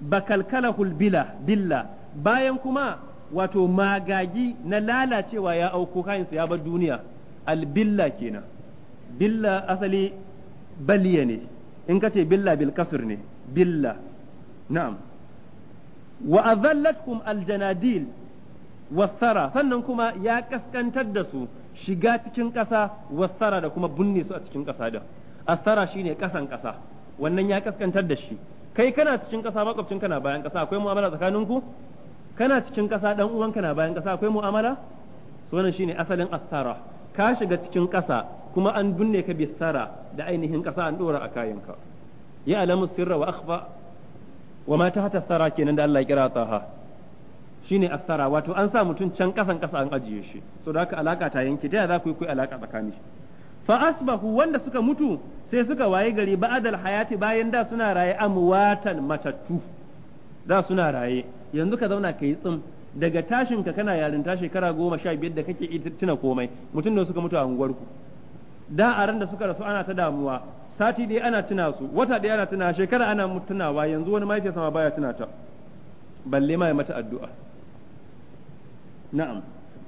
bakalkalahul bila billa bayan kuma wato magagi na lalacewa ya auko kayansa ya bar duniya albilla kenan billa asali baliya ne in ka ce billa bil kasr ne billa na'am wa azallatkum wasara sannan kuma ya kaskantar da su shiga cikin ƙasa wasara da kuma bunne su a cikin ƙasa da asara shine kasan kasa wannan ya kaskantar da shi kai kana cikin kasa makwabcin kana bayan kasa akwai mu'amala tsakaninku kana cikin kasa dan uwanka na bayan kasa akwai mu'amala so wannan shine asalin asara ka shiga cikin kasa kuma an binne ka bisara da ainihin kasa an dora a kayanka ya alamu sirra wa akhfa wa ma tahta sara kenan da Allah ya kira taha shine asara wato an sa mutum can kasan kasa an ajiye shi so da haka alaka ta yanke da za ku yi alaka tsakani fa asbahu wanda suka mutu sai suka waye gari adal hayati bayan da suna raye amwatan matattu da suna raye yanzu ka zauna ka yi tsim daga tashin ka kana yarinta shekara goma sha biyar da kake tuna komai mutum da suka mutu a unguwarku da a ran da suka rasu ana ta damuwa sati ɗaya ana tuna su wata ɗaya ana tuna shekara ana tunawa yanzu wani mahaifiyarsa ma baya tuna ta balle ma ya mata addu'a na'am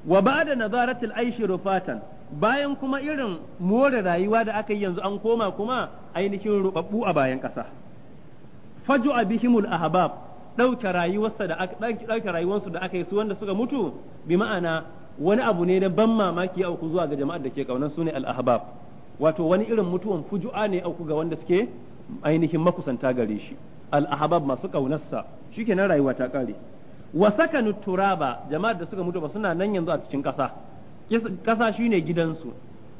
wa ba'da nazaratil aishi rufatan bayan kuma irin more rayuwa da aka yi yanzu an koma kuma ainihin rubabbu a bayan ƙasa faju abihimul ahbab ɗauke rayuwarsa da ɗauke rayuwarsu da aka yi su wanda suka mutu bi ma'ana wani abu ne na ban mamaki ya auku zuwa ga jama'ar da ke kaunar su ne al-ahbab wato wani irin mutuwan fuju'a ne auku ga wanda suke ainihin makusanta gare shi al-ahbab masu kaunarsa shikenan rayuwa ta kare wa sakanu turaba jama'ar da suka mutu ba suna nan yanzu a cikin ƙasa kasa ne gidansu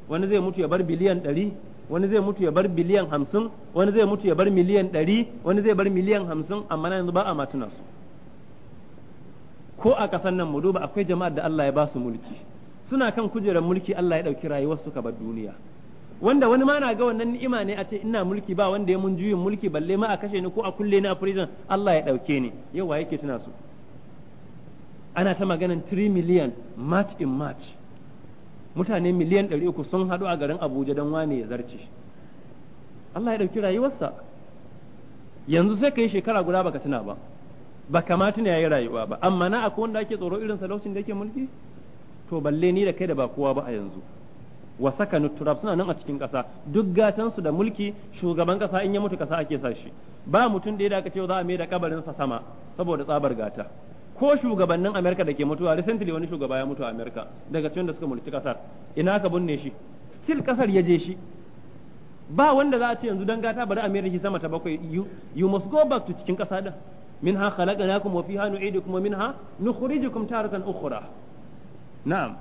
wani zai mutu ya bar biliyan ɗari wani zai mutu ya bar biliyan hamsin wani zai mutu ya bar miliyan ɗari wani zai bar miliyan hamsin amma na yanzu ba a matuna su ko a ƙasan nan mu duba akwai jama'ar da Allah ya ba su mulki suna kan kujerar mulki Allah ya ɗauki rayuwar suka bar duniya wanda wani ma na ga wannan ni'ima ne a ce ina mulki ba wanda ya mun juyin mulki balle ma a kashe ni ko a kulle ni a prison Allah ya ɗauke ni yawa yake tuna su ana ta maganan 3 million match in match mutane miliyan uku sun haɗu a garin Abuja don wane ya zarce Allah ya ɗauki rayuwarsa yanzu sai ka yi shekara guda baka tuna ba ba kamata ne yi rayuwa ba amma na akwai wanda ake tsoro irin sa lokacin da yake mulki to balle ni da kai da ba kowa ba a yanzu wa saka turab suna nan a cikin ƙasa duk gatan su da mulki shugaban ƙasa, in ya mutu kasa ake sa shi ba mutum da ya da aka za a mai da kabarin sa sama saboda tsabar gata ko shugabannin Amerika da ke mutuwa recently wani shugaba ya mutu a Amerika daga cikin da suka mulki kasar ina ka binne shi still kasar ya je shi ba wanda za a ce yanzu dan gata bari Amerika sama ta bakwai you must go back to cikin kasa din minha khalaqnakum wa fiha nu'idukum wa minha nukhrijukum taratan ukhra na'am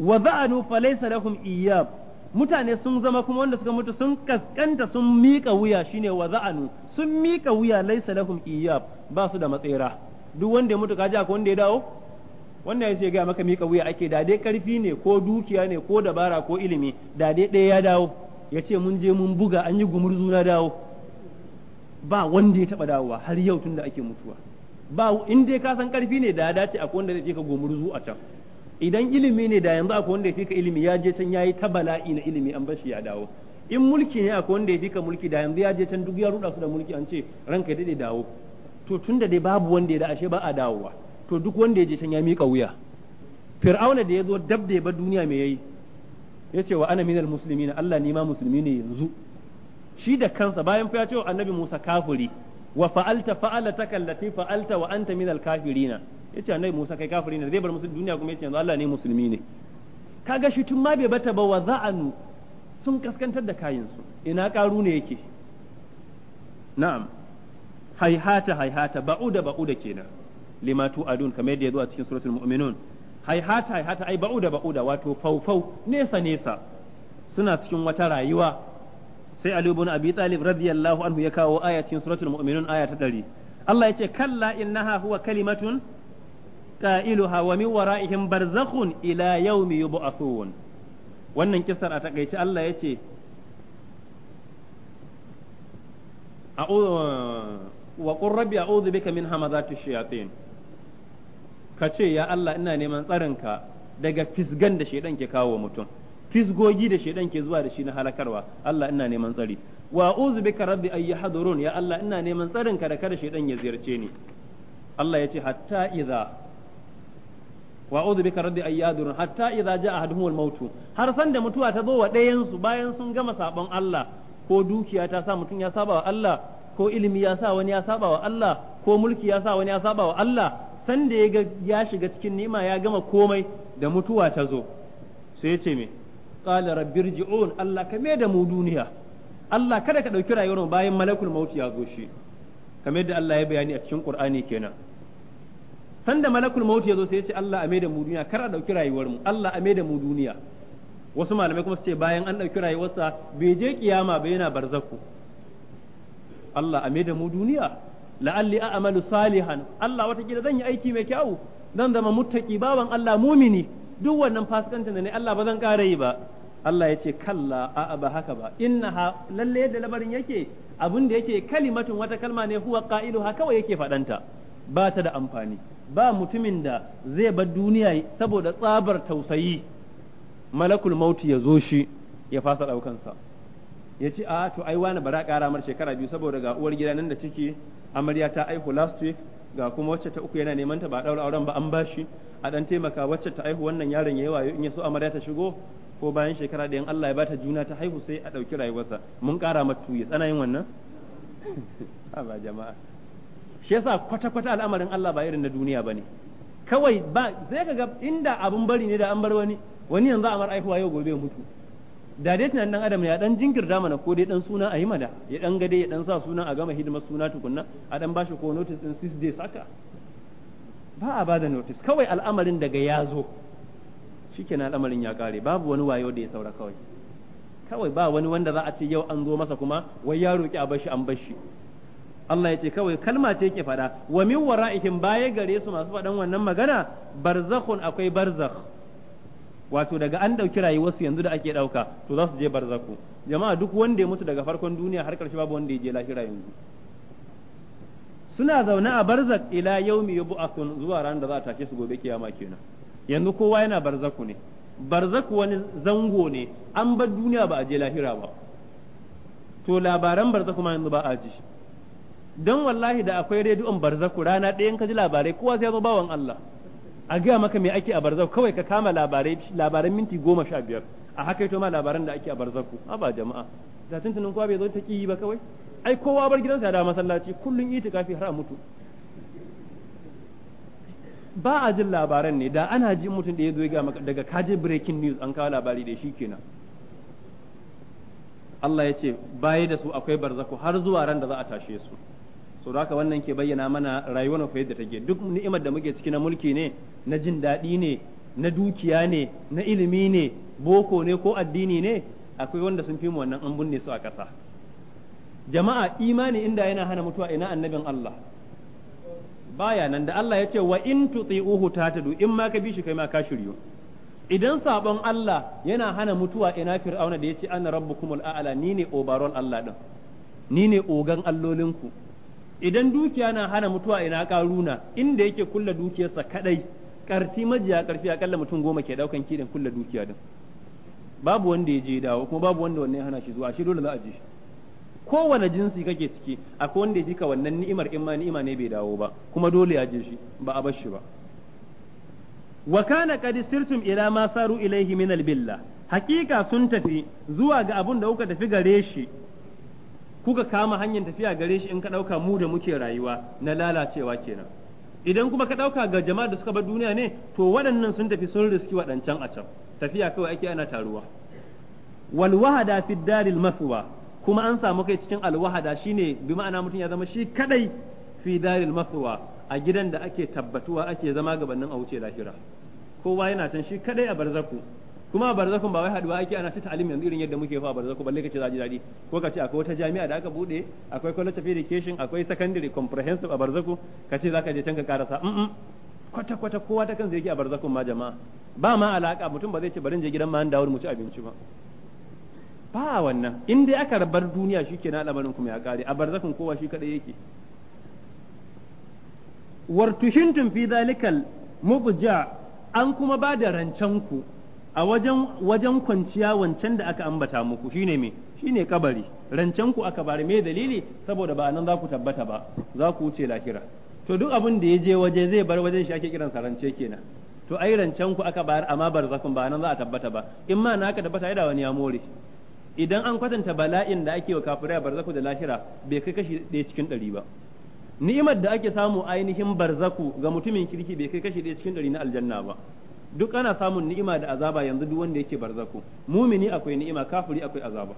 wa za'anu laysa lahum iyab mutane sun zama kuma wanda suka mutu sun kaskanta sun miƙa wuya shine wa za'anu sun miƙa wuya laysa lahum iyab ba su da matsera duk wanda ya mutu kaji ka wanda ya dawo wannan ya ga maka mika wuya ake da dai karfi ne ko dukiya ne ko dabara ko ilimi da dai ɗaya ya dawo yace mun je mun buga an yi gumurzu na dawo ba wanda ya taba dawowa har yau tun da ake mutuwa ba in dai ka san karfi ne da ya dace akwai wanda zai ka gumurzu a can idan ilimi ne da yanzu akwai wanda ya fika ilimi ya je can yayi ta bala'i na ilimi an bashi ya dawo in mulki ne akwai wanda ya fika mulki da yanzu ya je can duk ya ruda su da mulki an ce ranka ya dade dawo to tunda dai babu wanda ya da ashe ba a dawowa to duk wanda ya je can ya miƙa wuya fir'auna da ya zo dab da ba duniya me yayi ya ce wa ana minal muslimina Allah ni ma musulmi ne yanzu shi da kansa bayan fa ya ce wa annabi Musa kafiri wa fa'alta fa'alataka allati fa'alta wa anta minal kafirina yace annabi Musa kai kafiri ne zai bar musulmi duniya kuma yace yanzu Allah ne musulmi ne kaga shi tun ma bai bata ba wa za'anu sun kaskantar da kayansu ina karu ne yake na'am haihata haihata ba'uda ba'uda kenan lima tu'adun kamar yadda zo a cikin suratul mu'minun haihata haihata ai ba'uda ba'uda wato faufau nesa nesa suna cikin wata rayuwa sai Ali ibn Abi Talib radiyallahu anhu ya kawo aya cikin suratul mu'minun aya ta 100 Allah yace kalla innaha huwa kalimatun qailuha wa min wara'ihim barzakhun ila yawmi yub'athun wannan kisar a takaice Allah yace أعوذ wa qur rabbi a'udhu bika min hamazati shayatin ka ce ya Allah ina neman tsarinka daga fisgan da shedan ke kawo mutum fisgogi da shedan ke zuwa da shi na halakarwa Allah ina neman tsari wa a'udhu bika rabbi ay yahdurun ya Allah ina neman tsarinka da kada shedan ya ziyarce ni Allah yace hatta idza wa a'udhu bika rabbi ay yahdurun hatta idza ja'a ahaduhum al-maut har san da mutuwa ta zo wa ɗayan su bayan sun gama sabon Allah ko dukiya ta sa mutum ya saba wa Allah ko ilimi ya sa wani ya saba wa Allah ko mulki ya sa wani ya saba wa Allah san da ya ya shiga cikin ni'ima ya gama komai da mutuwa ta zo sai ya ce me qala rabbirji'un Allah ka me da mu duniya Allah kada ka dauki rayuwar mu bayan malakul maut ya zo shi kamar yadda Allah ya bayani a cikin Qur'ani kenan sanda malakul maut ya zo sai ya ce Allah a me da mu duniya kar a dauki rayuwar mu Allah a me da mu duniya wasu malamai kuma su ce bayan an dauki rayuwarsa bai je kiyama ba yana barzaku Allah a da mu duniya la'alli a'malu salihan Allah wata gida zan yi aiki mai kyau zan zama muttaki bawan Allah mumini duk wannan fasikancin da ne Allah ba zan ƙara yi ba Allah ya ce kalla a'a ba haka ba ha lalle yadda labarin yake abin da yake kalimatun wata kalma ne huwa qa'iluha kawai yake faɗanta ba ta da amfani ba mutumin da zai bar duniya saboda tsabar tausayi malakul mauti ya zo shi ya fasa ɗaukansa ya ce a ah, to ai wani bara ƙara mar shekara biyu saboda ga uwar gida nan da ciki amarya ta aihu last week ga kuma wacce ta uku yana neman ta ba daura auren ba an bashi a dan taimaka wacce ta aihu wannan yaron yayi wayo in ya so amarya ta shigo ko bayan shekara ɗayan Allah ya bata juna ta haihu sai a ɗauki rayuwarsa mun ƙara mata tuyi tsana yin wannan ba jama'a shi yasa kwata kwata al'amarin Allah ba irin na duniya bane kawai ba zai ka ga inda abun bari ne da an bar wani wani yanzu amar aihuwa yau gobe mutu da dai tunanin dan adam ya dan jinkirta mana ko dai dan suna a yi mada ya dan gade ya dan sa suna a gama hidimar suna tukunna a dan bashi ko notice din six days haka ba a bada notice kawai al'amarin daga ya zo shikenan al'amarin ya kare babu wani wayo da ya saura kawai kawai ba wani wanda za a ce yau an zo masa kuma wai ya roki a bashi an bashi Allah ya ce kawai kalma ce yake fada wa min wara'ihim baya gare su masu fadan wannan magana barzakhun akwai barzakh wato daga an dauki rayuwarsu yanzu da ake ɗauka to za su je barzaku jama'a duk wanda ya mutu daga farkon duniya har karshe babu wanda ya je lahira yanzu suna zaune a barzak ila yaumi yub'athun zuwa ran da za a take su gobe kiyama kenan yanzu kowa yana barzaku ne barzaku wani zango ne an bar duniya ba a je lahira ba to labaran barzaku ma yanzu ba a ji don wallahi da akwai rediyon barzaku rana ɗayan ka ji labarai kowa sai ya zo bawan Allah a gaya maka me ake a barzaku kawai ka kama labarai labaran minti goma sha biyar a haka to ma labaran da ake a barzaku a ba jama'a da tuntunin kowa bai zo ta kiyi ba kawai ai kowa bar gidansa da masallaci kullum kullun kafi har a mutu ba a jin labaran ne da ana ji mutum da ya zo ga daga kaje breaking news an kawo labari da shi kenan Allah ya ce baya da su akwai barzaku har zuwa ran da za a tashe su to haka wannan ke bayyana mana rayuwar da yadda take duk ni'imar da muke ciki na mulki ne na jin daɗi ne na dukiya ne na ilimi ne boko ne ko addini ne akwai wanda sun fi mu wannan an binne su a ƙasa jama'a imani inda yana hana mutuwa ina annabin Allah baya nan da Allah ya ce wa in tuti'uhu tatadu in ma ka bi shi kai ma ka shiryu idan sabon Allah yana hana mutuwa ina fir'auna da yace ana rabbukumul a'la ni ne obaron Allah din ni ne ogan allolinku idan dukiya na hana mutuwa ina karuna inda yake kulla dukiyarsa kadai karti majiya karfi akalla mutum goma ke daukan kidan kulla dukiya din babu wanda ya je dawo kuma babu wanda wannan hana shi zuwa shi dole za a je shi kowane jinsi kake ciki akwai wanda ya fika wannan ni'imar in ma ni'ima ne bai dawo ba kuma dole ya je shi ba a bar ba wa kana qad sirtum ila ma saru ilaihi min albilla hakika sun tafi zuwa ga abun da kuka tafi gare shi kuka kama hanyar tafiya gare shi in ka ɗauka mu da muke rayuwa na lalacewa kenan idan kuma ka ɗauka ga jama'a da suka bar duniya ne to waɗannan sun tafi sun riski waɗancan a can tafiya kawai ake ana taruwa Walwahada wahada fi daril mafwa kuma an samu kai cikin alwahada shine bi ma'ana mutum ya zama shi kadai fi daril mafwa a gidan da ake tabbatuwa ake zama gabanin a wuce lahira kowa yana can shi kadai a barzaku kuma barzakun ba wai haduwa ake ana ta ta'alim yanzu irin yadda muke fa barzakun balle kace zaji ji dadi ko kace akwai wata jami'a da aka bude akwai college of education akwai secondary comprehensive a barzaku kace zaka je can ka karasa mm kwata kwata kowa ta kansa yake a barzakun ma jama'a ba ma alaka mutum ba zai ce barin je gidan ma an dawo mu ci abinci ba ba wannan in dai aka rabar duniya shikenan al'amarin kuma ya kare a barzakun kowa shi kadai yake wartuhintum fi zalikal mubja an kuma ba da rancen ku a wajen wajen kwanciya wancan da aka ambata muku shine me shine kabari rancen ku aka bari me dalili saboda ba nan za ku tabbata ba za ku wuce lahira to duk abin da ya je waje zai bar wajen shi ake kiran rance kenan to ai rancen ku aka bar amma barzakun ba nan za a tabbata ba in ma naka tabbata ida wani ya more idan an kwatanta bala'in da ake wa kafirai a barzaku da lahira bai kai kashi ɗaya cikin ɗari ba ni'imar da ake samu ainihin barzaku ga mutumin kirki bai kai kashi ɗaya cikin ɗari na aljanna ba duk ana samun ni'ima da azaba yanzu duk wanda yake barzako mumini akwai ni'ima kafiri akwai azaba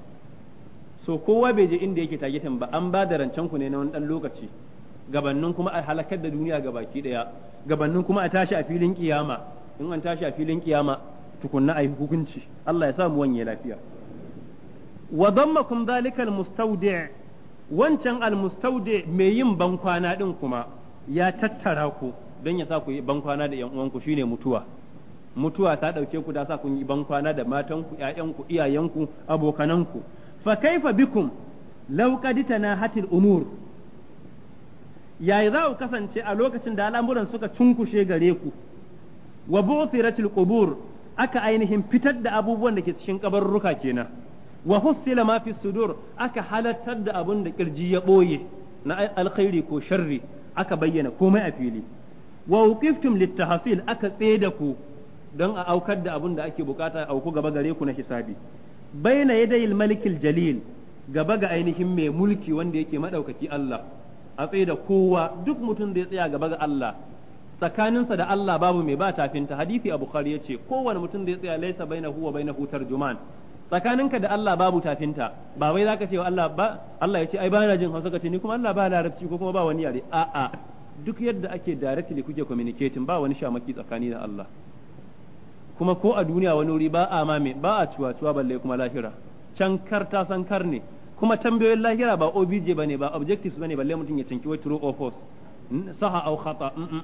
so kowa bai je inda yake tagitin ba an ba da rancen ku ne na wani dan lokaci gabannin kuma a halakar da duniya ga baki daya gabannin kuma a tashi a filin kiyama in an tashi a filin kiyama tukunna ayi hukunci Allah ya mu wanye lafiya wa dhammakum zalikal mustawdi' wancan al mustawdi' mai yin bankwana din kuma ya tattara ku don ya sa ku yi bankwana da yan uwanku shine mutuwa mutuwa ta dauke ku da sa kun yi ban kwana da matanku ku iyayenku abokananku fa kaifa bikum law qad hatil umur yayi za ku kasance a lokacin da al'amuran suka cunkushe gare ku wa bu'thiratil qubur aka ainihin fitar da abubuwan da ke cikin kabarruka kenan wa hussila ma fi sudur aka halattar da abun da kirji ya boye na alkhairi ko sharri aka bayyana komai a fili wa uqiftum littahsil aka tseda ku don a aukar da abin da ake bukata auku gaba gare ku na hisabi baina yadayil malikil jalil gaba ga ainihin mai mulki wanda yake madaukaki Allah a tsaye da kowa duk mutum ya tsaya gaba ga Allah tsakaninsa da Allah babu mai ba tafinta hadisi a Bukhari yace kowane mutum da ya tsaya laisa huwa wa hutar juman. tsakaninka da Allah babu tafinta ba wai zaka ce wa Allah ba Allah yace ai bana jin Hausa ce ni kuma Allah ba larabci ko kuma ba wani yare a'a duk yadda ake directly kuke communicating ba wani shamaki tsakani da Allah kuma ko a duniya wani wuri ba a mame ba a cuwa-cuwa ciwa balle kuma lahira can kar ta san kar ne kuma tambayoyin lahira ba obj bane ba objectives bane balle mutum ya tanki wai true or false saha au khata mm, mm.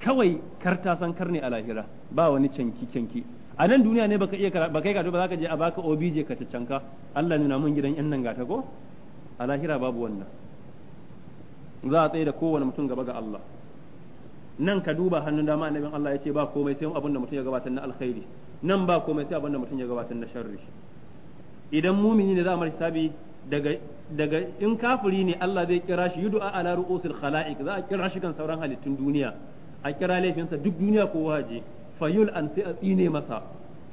kawai kar ta san kar ne a lahira ba wani canki canki a nan duniya ne baka iya baka yi ba zaka je a baka obj ka ta canka Allah nuna mun gidan yan nan gata ko a lahira babu wannan za a tsaye da kowane mutum gaba ga Allah nan ka duba hannun dama annabin Allah yace ba komai sai abin da mutum ya gabatar na alkhairi nan ba komai sai abin da mutum ya gabatar na sharri idan mumini ne za a mar hisabi daga daga in kafiri ne Allah zai kira shi yudu ala ru'usil khalaiq za a kira shi kan sauran halittun duniya a kira laifin sa duk duniya ko waje fayul an sai a tsine masa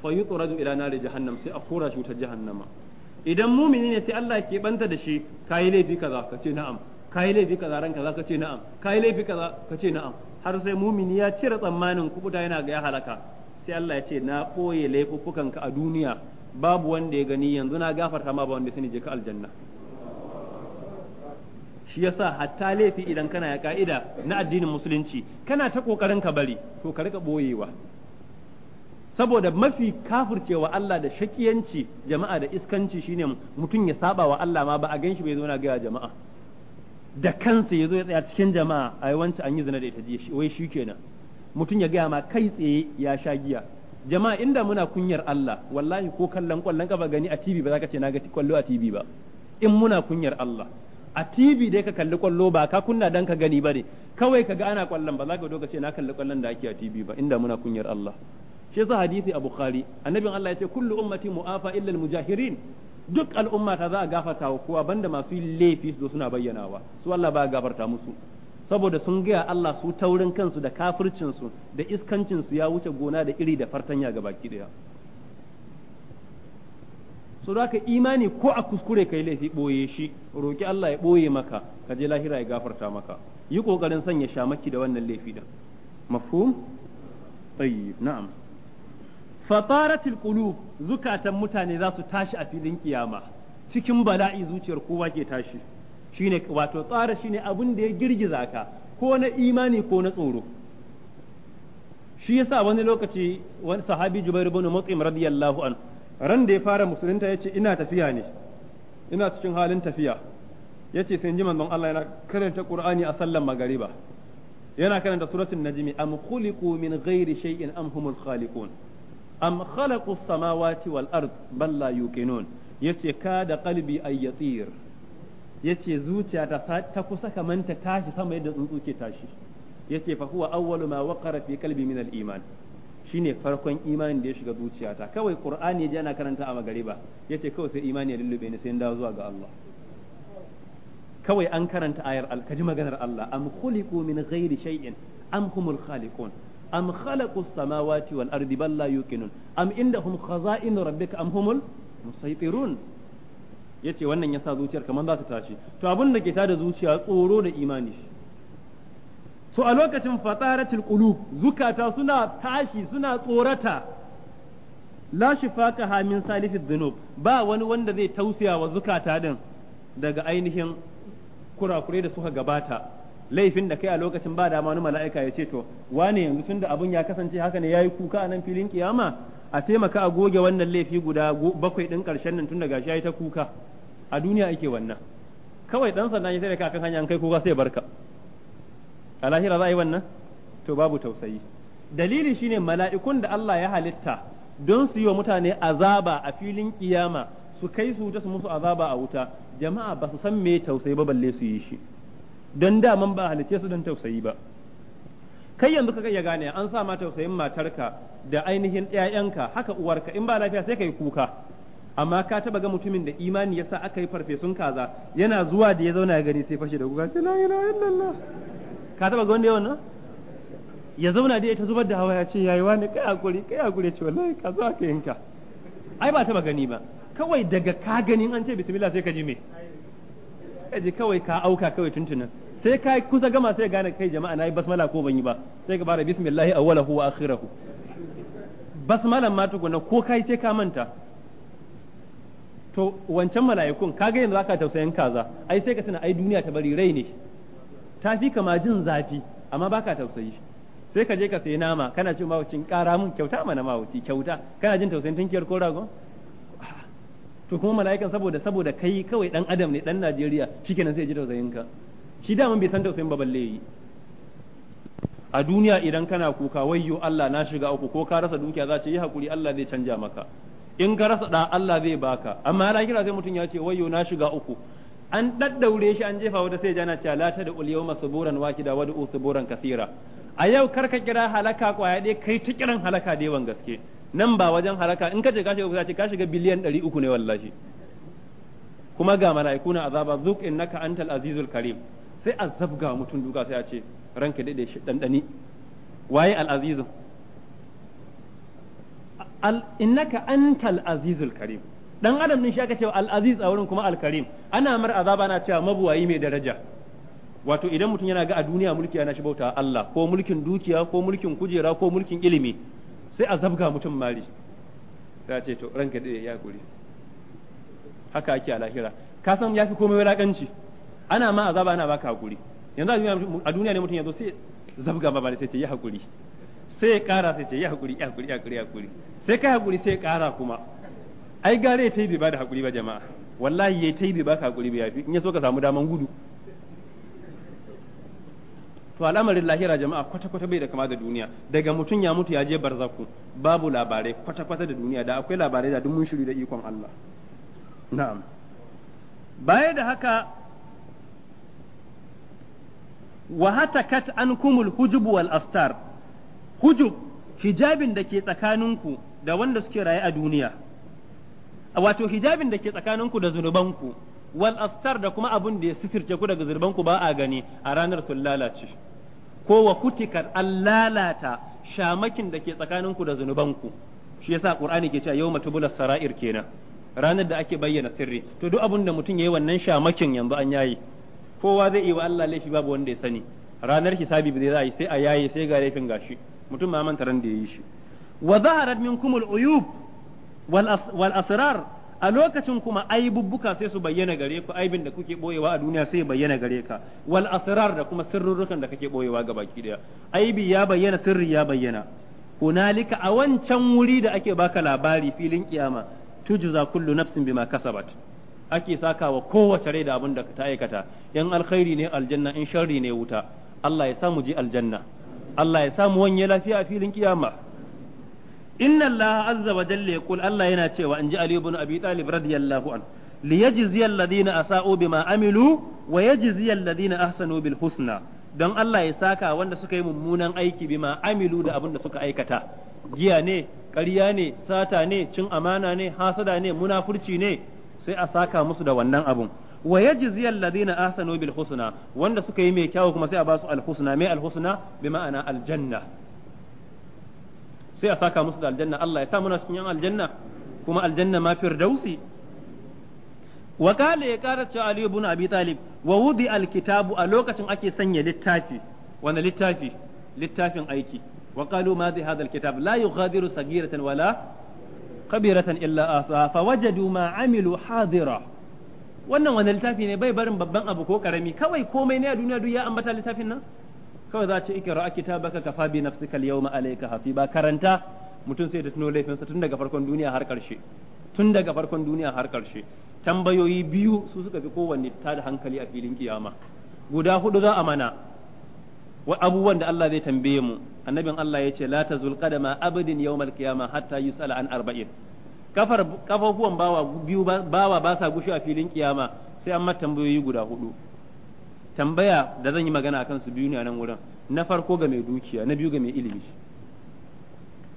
fayuturadu ila nari jahannam sai a kora shi wutar jahannama idan mumini ne sai Allah ke banta da shi kayi laifi kaza ka ce na'am kayi laifi kaza ran kaza ka ce na'am kayi laifi kaza ka ce na'am har sai mumini ya cire tsammanin kubuta yana ga ya halaka sai Allah ya ce na ɓoye laifuffukanka a duniya babu wanda ya gani yanzu na gafarta ma ba wanda sani je ka aljanna shi yasa hatta laifi idan kana ya ka'ida na addinin musulunci kana ta kokarin ka bari to ka rika ɓoyewa saboda mafi kafircewa Allah da shakiyanci jama'a da iskanci shine mutum ya saba wa Allah ma ba a ganshi bai zo na ga jama'a da kansa ya zo ya tsaya cikin jama'a yi wancan an yi zina da ita jiya wai shi kenan mutum ya gaya ma kai tsaye ya sha giya jama'a inda muna kunyar Allah wallahi ko kallon kwallon kafa gani a TV ba za ka ce na ga kwallo a TV ba in muna kunyar Allah a TV dai ka kalli kwallo ba ka kunna dan ka gani bane kawai ka ga ana kwallon ba za ka doka na kalli kwallon da ake a TV ba inda muna kunyar Allah shi yasa hadisi a Bukhari annabin Allah ya ce kullu ummati mu'afa illa al-mujahirin duk al'umma ta za a gafarta wa kowa banda masu laifi su suna bayyanawa su Allah ba gafarta musu saboda sun gaya Allah su taurin kansu da kafircinsu da su ya wuce gona da iri da fartanya ga baki daya so da imani ko a kuskure kai laifi boye shi roki Allah ya boye maka ka je lahira ya gafarta maka yi kokarin sanya shamaki da wannan laifi din mafhum tayyib na'am fataratil qulub zukatan mutane za su tashi a filin kiyama cikin bala'i zuciyar kowa ke tashi shine wato tsara shine abin da ya girgiza ka ko na imani ko na tsoro shi yasa wani lokaci wani sahabi Jubair ibn Mut'im radiyallahu an ran da ya fara musulunta yace ina tafiya ne ina cikin halin tafiya yace sai ji manzon Allah yana karanta Qur'ani a sallar magariba yana karanta suratul najmi am khuliqu min ghairi shay'in am humul khaliqun am khalaqu samawati wal ard bal la yuqinun yace ka da qalbi ay yatir yace zuciya ta ta kusa kaman ta tashi sama yadda tsuntsu ke tashi yace fa huwa awwalu ma waqara fi qalbi min al iman shine farkon imanin da ya shiga zuciyata kawai qur'ani ya ana karanta a magariba yace kawai sai imani ya lullube ni sai dawo zuwa ga Allah kawai an karanta ayar al kaji maganar Allah am khuliqu min ghairi shay'in am humul khaliqun am khalaqu samawati wal ardi bal la yuqinun am indahum khaza'in rabbika am humul yace wannan yasa zuciyar kamar za ta tashi to abin da ke tada zuciya tsoro da imani so a lokacin fataratul qulub zukata suna tashi suna tsorata la shifaka min salifid dhunub ba wani wanda zai tausaya wa zukata din daga ainihin kurakure da suka gabata laifin da kai a lokacin ba dama wani mala'ika ya ce to wane yanzu tunda abun ya kasance haka ne yayi kuka a nan filin kiyama a taimaka a goge wannan laifi guda bakwai din karshen nan tunda gashi yayi ta kuka a duniya ake wannan kawai dan sannan ya sai ka kan hanya kai kuka sai barka a lahira za a yi wannan to babu tausayi dalili shine mala'ikun da Allah ya halitta don su yi wa mutane azaba a filin kiyama su kai su wuta su musu azaba a wuta jama'a ba su san me tausayi ba balle su yi shi don daman ba halice su don tausayi ba kai yanzu ka ya gane an sa ma tausayin matarka da ainihin ƴaƴanka haka uwarka in ba lafiya sai kai kuka amma ka taba ga mutumin da imani yasa aka yi farfesun kaza yana zuwa da ya zauna ya gani sai fashe da kuka la ilaha illallah ka taba ga wanda ya wannan ya zauna da ya ta zubar da hawa ya ce yayi wani kai hakuri kai hakuri ce wallahi ka zo ka yinka ai ba taba gani ba kawai daga ka gani an ce bismillah sai ka ji me ka ji kawai ka auka kawai tuntunan sai ka kusa gama sai gane kai jama'a nayi basmala ko ban yi ba sai ka fara bismillahi awwalahu wa akhirahu basmalan ma tukuna ko kai sai ka manta to wancan mala'ikun ka kaga yanzu zaka tausayin kaza ai sai ka tuna ai duniya ta bari rai ne ta fi kama jin zafi amma baka tausayi sai ka je ka sayi nama kana cin mawucin kara mun kyauta mana mawuci kyauta kana jin tausayin tunkiyar ko ragon to kuma mala'ikan saboda saboda kai kawai dan adam ne dan Najeriya shikenan sai ya ji tausayin ka shi da mun bai san tausayin ba balle a duniya idan kana kuka wayyo Allah na shiga uku ko ka rasa dukiya za ce yi hakuri Allah zai canja maka in ka rasa da Allah zai baka amma kira sai mutum ya ce wayyo na shiga uku an daddaure shi an jefa wata sai jana cewa la ta da ul yawma suburan wakida wa da suburan kasira a yau karka kira halaka kwaya dai kai ta kiran halaka da yawan gaske nan ba wajen halaka in ka ce ka shiga wuta ce ka shiga biliyan ɗari uku ne wallahi kuma ga mala'iku na azaba zuk innaka antal azizul karim sai ga mutum duka sai a ce ranka dade dandani waye al azizu al innaka antal azizul karim dan adam din shi aka ce al aziz a wurin kuma al karim ana mar azaba na cewa mabuwayi mai daraja wato idan mutum yana ga a duniya mulki yana shi bauta Allah ko mulkin dukiya ko mulkin kujera ko mulkin ilimi sai a zabga mutum mari ta ce to ranka da ya guri haka ake a lahira ka san yafi komai wulakanci ana ma azaba ana baka hakuri yanzu a duniya ne mutum yanzu sai zabga ba sai ce ya hakuri sai ya kara sai ce yi hakuri yi hakuri yi hakuri hakuri sai kai hakuri sai ya kara kuma ai gare ta yi bai ba da hakuri ba jama'a wallahi ya yi ta yi bai baka hakuri ba yafi in ya so ka samu daman gudu to al'amarin lahira jama'a kwata kwata bai da kama da duniya daga mutum ya mutu ya je barzaku babu labarai kwata kwata da duniya da akwai labarai da duk mun shiru da ikon Allah na'am baya da haka wa hatakat ankumul hujub wal astar hujub hijabin da ke tsakaninku da wanda suke raye a duniya wato hijabin da ke tsakaninku da zunubanku wal astar da kuma abun da ya sitirce ku daga zurbanku ba a gani a ranar sun lalace ko wa kutikar an lalata shamakin da ke tsakaninku da zunubanku shi yasa qur'ani ke cewa yawma tubula sara'ir kenan ranar da ake bayyana sirri to duk abin da mutum yayi wannan shamakin yanzu an yayi kowa zai yi wa Allah laifi babu wanda ya sani ranar hisabi bai zai yi sai a yayi sai ga laifin gashi mutum ma manta ran da yayi shi wa zaharat minkumul uyub wal asrar a lokacin kuma aibubbuka sai su bayyana gare ku aibin da kuke boyewa a duniya sai bayyana gare ka wal asrar da kuma sirrurrukan da kake boyewa ga baki daya aibi ya bayyana sirri ya bayyana hunalika a wancan wuri da ake baka labari filin kiyama tujza kullu nafsin bima kasabat ake saka wa kowace rai da abin da ta aikata yan alkhairi ne aljanna in sharri ne wuta Allah ya samu je aljanna Allah ya samu wanye lafiya a filin kiyama inna Allah azza wa jalla Allah yana cewa in ji Ali ibn Abi Talib radiyallahu an liyajziya alladhina asa'u bima amilu wa yajziya alladhina ahsanu bil husna don Allah ya saka wanda suka yi mummunan aiki bima amilu da abin da suka aikata giya ne ƙarya ne sata ne cin amana ne hasada ne munafurci ne sai a saka musu da wannan abun wa yajzi alladhina ahsanu bil husna wanda suka yi mai kyau kuma sai a basu al husna mai al husna bi ma'ana al sai a saka musu da aljanna Allah ya sa muna cikin aljanna kuma aljanna ma firdausi wa kale ya kara cewa Ali ibn Abi Talib wa wudi alkitabu a lokacin ake sanya littafi wani littafi littafin aiki wa qalu ma zai hadha alkitab la yughadiru sagiratan wala kabiratan illa asa fa wajadu ma amilu hadira wannan wani littafi ne bai barin babban abu ko karami kawai komai ne a duniya duk ya ambata littafin nan kawai za ce ikra ka kafa bi nafsika al-yawma alayka ba karanta mutum sai ta tuno laifinsa tun daga farkon duniya har karshe tun daga farkon duniya har karshe tambayoyi biyu su suka fi kowanne ta da hankali a filin kiyama guda hudu za a mana wa abubuwan da Allah zai tambaye mu annabin Allah ya ce la tazul qadama abadin yawmal kiyama hatta yusala an arba'in kafar kafafuwan bawa biyu bawa ba sa gushi a filin kiyama sai an tambayoyi guda hudu tambaya da zan yi magana akan su biyu ne a nan wurin na farko ga mai dukiya na biyu ga mai ilimi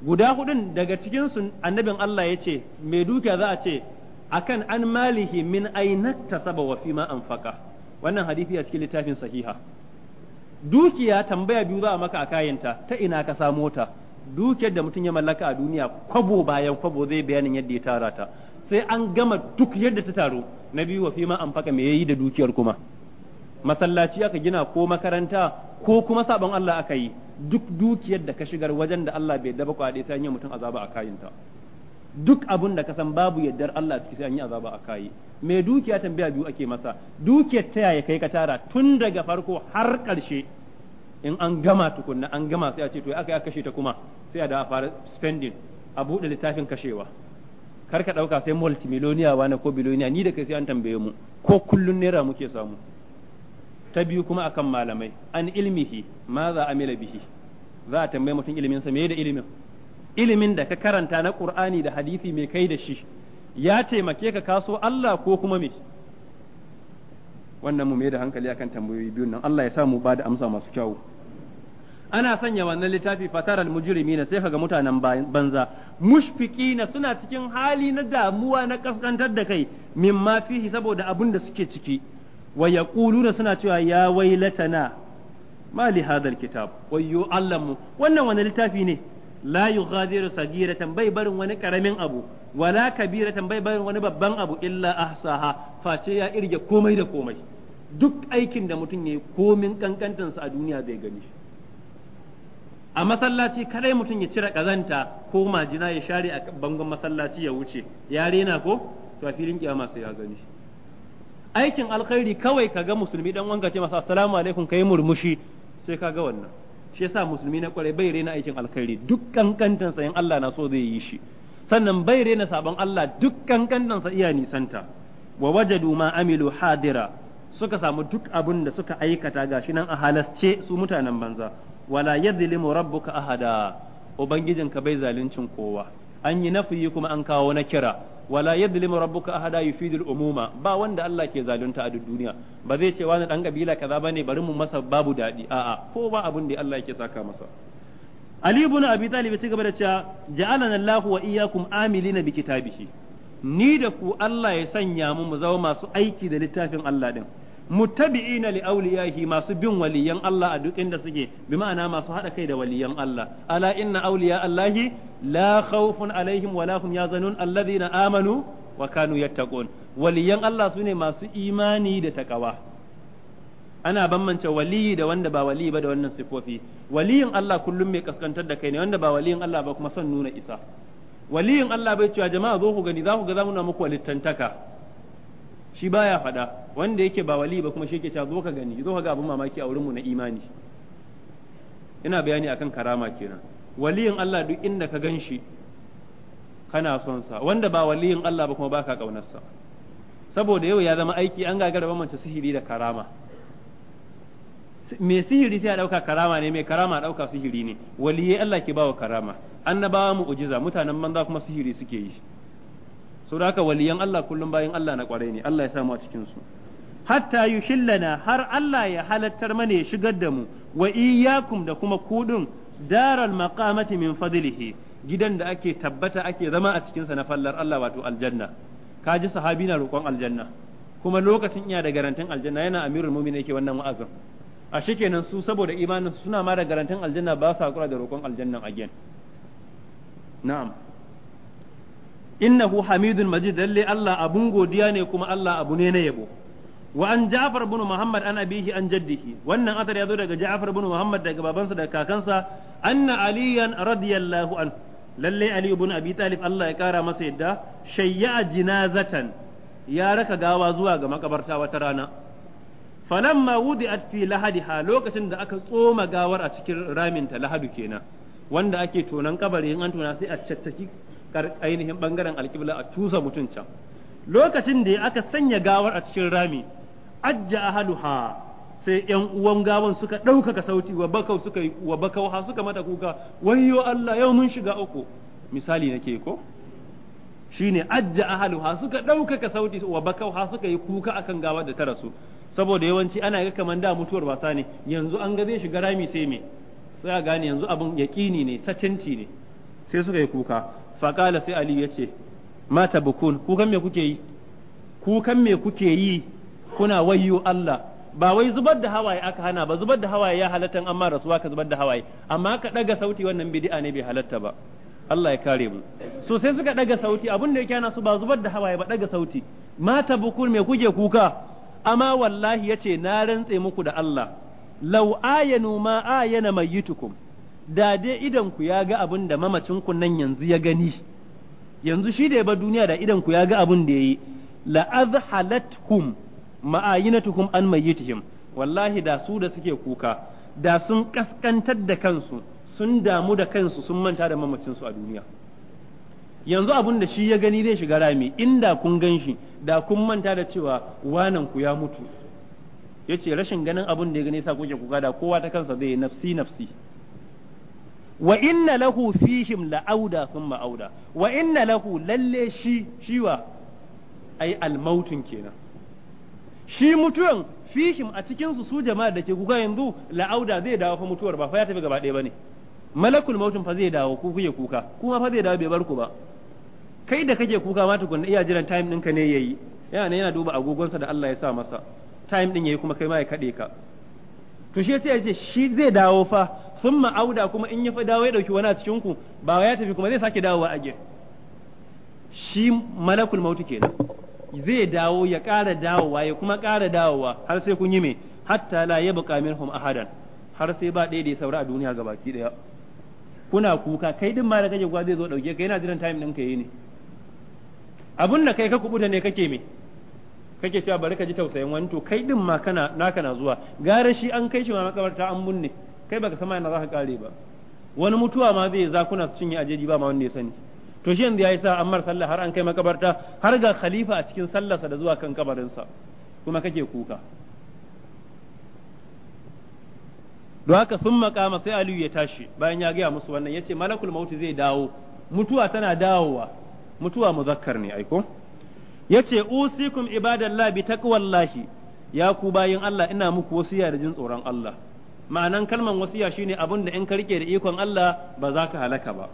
guda hudun daga cikin su annabin Allah ya ce mai dukiya za a ce akan an malihi min ainat saba wa fima anfaqa wannan hadisi a cikin littafin sahiha dukiya tambaya biyu za a maka a kayanta ta ina ka samo ta dukiyar da mutum ya mallaka a duniya kwabo bayan kwabo zai bayanin yadda ya tara ta sai an gama duk yadda ta taru na biyu wa fima anfaqa me yayi da dukiyar kuma masallaci aka gina ko makaranta ko kuma sabon Allah aka yi duk dukiyar da ka shigar wajen da Allah bai daba kwaɗe sai an yi mutum azaba a kayinta duk abun da ka san babu yardar Allah ciki sai an yi azaba a kayi mai dukiya tambaya biyu ake masa dukiyar ta yaya kai ka tara tun daga farko har ƙarshe in an gama tukunna an gama sai a ce to aka yi kashe ta kuma sai a da fara spending a buɗe littafin kashewa kar ka ɗauka sai multimillionaire wani ko biloniya ni da kai sai an tambaye mu ko kullun naira muke samu ta biyu kuma akan malamai an ilmihi ma za mila bihi za a tambaye mutum ilimin sa me da ilimin ilimin da ka karanta na qur'ani da hadisi mai kai da shi ya taimake ka kaso Allah ko kuma me wannan mu mai da hankali akan tambayoyi biyun nan Allah ya sa mu ba da amsa masu kyau ana sanya wannan littafi fataral mujrimina sai kaga mutanen banza na suna cikin hali na damuwa na kaskantar da kai mimma fihi saboda abin da suke ciki wa yaquluna suna cewa ya wailatana ma li hadal kitab wayyo Allah wannan wani littafi ne la yughadiru sagiratan bai barin wani karamin abu wala kabiratan bai barin wani babban abu illa ahsaha face ya irge komai da komai duk aikin da mutum yayi komin kankantansa a duniya zai gani a masallaci kadai mutum ya cire kazanta ko majina ya share a bangon masallaci ya wuce ya rena ko to a filin kiyama sai ya gani shi aikin alkhairi kawai ka ga musulmi dan wanka ce masa assalamu alaikum kai murmushi sai ka ga wannan shi yasa musulmi na kwarai bai rena aikin alkhairi duk kankantan sa in Allah na so zai yi shi sannan bai rena sabon Allah duk kankantan sa iya nisanta wa wajadu ma amilu hadira suka samu duk abin da suka aikata gashi nan a halasce su mutanen banza wala yadhlimu rabbuka ahada ubangijinka bai zaluncin kowa an yi nafi kuma an kawo na kira wala yadlimu rabbuka ahada yufidul umuma ba wanda Allah ke zalunta a duk duniya ba zai ce wani dan kabila kaza bane bari mu masa babu dadi a'a ko ba abun da Allah yake saka masa Ali ibn Abi Talib ya gaba da cewa ja'alana Allahu wa iyyakum amilina bi kitabihi ni da ku Allah ya sanya mu mu zama masu aiki da littafin Allah din muttabi'ina li awliyahi masu bin waliyan Allah a duk inda suke bi ma'ana masu hada kai da waliyan Allah ala inna awliya Allahi la khawfun alaihim wa la hum yazanun alladhina amanu wa kanu yattaqun waliyan Allah sune masu imani da takawa ana bambance waliyi da wanda ba waliyi ba da wannan sifofi waliyin Allah kullum mai kaskantar da kai ne wanda ba waliyin Allah ba kuma son nuna isa waliyin Allah bai cewa jama'a zo ku gani za ku ga za mu na muku walittantaka shi baya faɗa wanda yake ba wali ba kuma shi yake cewa zo ka gani zo ka ga abin mamaki a wurinmu na imani ina bayani akan karama kenan waliyin Allah duk inda ka ganshi shi kana son sa wanda ba waliyin Allah ba kuma baka kaunar sa saboda yau ya zama aiki an ga gagara mace sihiri da karama mai sihiri sai a ɗauka karama ne mai karama a ɗauka sihiri ne waliyai Allah ke bawa karama annabawa ujiza mutanen manza kuma sihiri suke yi saboda haka waliyan Allah kullum bayan Allah na kwarai ne Allah ya samu a cikin su hatta yushillana har Allah ya halattar mana ya shigar da mu wa iyyakum da kuma kudin daral maqamati min fadlihi gidan da ake tabbata ake zama a cikin sa na fallar Allah wato aljanna kaji sahabi na roƙon aljanna kuma lokacin iya da garantin aljanna yana amirul mu'minin yake wannan wa'azin a kenan su saboda imanin suna ma da garantin aljanna ba su hakura da roƙon aljanna again na'am innahu hamidun majid lalle Allah abun godiya ne kuma Allah abu ne na yabo wa an Ja'far ibn Muhammad an abihi an jaddihi wannan athar ya zo daga Ja'far ibn Muhammad daga babansa daga kakansa anna aliyan radiyallahu anhu lalle Ali ibn Abi Talib Allah ya kara masa yadda shayya jinazatan ya raka gawa zuwa ga makabarta wata rana falamma wudi'at fi lahadiha lokacin da aka tsoma gawar a cikin raminta lahadu kenan wanda ake tonan kabari in an tona sai a caccaki ainihin bangaren alƙibla a cusa mutum can lokacin da aka sanya gawar a cikin rami ajja ahaluha sai yan uwan gawan suka ɗaukaka sauti wa bakau suka yi wa bakau ha suka mata kuka wayyo Allah yau mun shiga uku misali nake ko shine ajja ahaluha suka ɗaukaka sauti wa bakau ha suka yi kuka akan gawar da ta rasu saboda yawanci ana ga kaman da mutuwar wasa ne yanzu an ga zai shiga rami sai me sai a gane yanzu abin yaƙini ne satinti ne sai suka yi kuka faqala sai ali yace mata bukun kukan me kuke yi kukan me kuke yi kuna wayyo Allah ba wai zubar da hawaye aka hana ba zubar da hawaye ya halatta amma rasuwa ka zubar da hawaye amma ka daga sauti wannan bid'a ne bai halatta ba Allah ya kare mu so sai suka daga sauti abun da yake ana su ba zubar da hawaye ba daga sauti mata bukun me kuke kuka amma wallahi ya ce na rantse muku da Allah law ayanu ma ayana mayyitukum da dai idan ku ya ga abin da mamacin nan yanzu ya gani yanzu shi da ya ba duniya da idan ku ya ga abin da yayi la azhalathum ma'ayinatukum an mayyitihim wallahi da su da suke kuka da sun kaskantar da kansu sun damu da kansu sun manta da mamacinsu a duniya yanzu abin da shi ya gani zai shiga rami inda kun gan shi da kun manta da cewa wanan ku ya mutu yace rashin ganin abin da ya gani sa kuke kuka da kowa ta kansa zai nafsi nafsi wa inna lahu fihim la'auda thumma auda wa inna lahu lalle shi shiwa al almautun kenan shi mutuwan fihim a cikin su su jama'a da ke kuka yanzu la'auda zai dawo fa mutuwar ba fa ya tafi gaba ɗaya bane malakul mautun fa zai dawo ku kuke kuka kuma fa zai dawo bai bar ku ba kai da kake kuka ma tukunna iya jiran time ɗinka ne yayi yana ne yana duba agogonsa da Allah ya sa masa time din yayi kuma kai ma ya kade ka to shi ce shi zai dawo fa sun ma'auda kuma in ya fi dawo ya ɗauki wani a cikin ku ba ya tafi kuma zai sake dawowa a gir shi malakul mautu kenan zai dawo ya ƙara dawowa ya kuma ƙara dawowa har sai kun yi me hatta la ya buƙa minhum ahadan har sai ba ɗaya da ya saura a duniya ga baki ɗaya kuna kuka kai din ma da kake kuwa zai zo ɗauke ka yana jiran time ɗin ka yi ne abun da kai ka kubuta ne kake me kake cewa bari ka ji tausayin wani to kai din ma kana naka na zuwa gara shi an kai shi ma makabarta an bunne kai baka sama yana za ka kare ba wani mutuwa ma zai zakuna su cinye ajeji ba ma wanda ya sani to shi yanzu ya yi sa ammar sallah har an kai makabarta har ga khalifa a cikin sallarsa da zuwa kan kabarinsa kuma kake kuka don haka sun makama sai aliyu ya tashi bayan ya gaya musu wannan ya malakul mauti zai dawo mutuwa tana dawowa mutuwa muzakkar ne aiko ya yace usikum labi bi taqwallahi ya ku bayin Allah ina muku wasiya da jin tsoron Allah ma'anan kalman wasiya shine abin da in ka rike da ikon Allah ba za ka halaka ba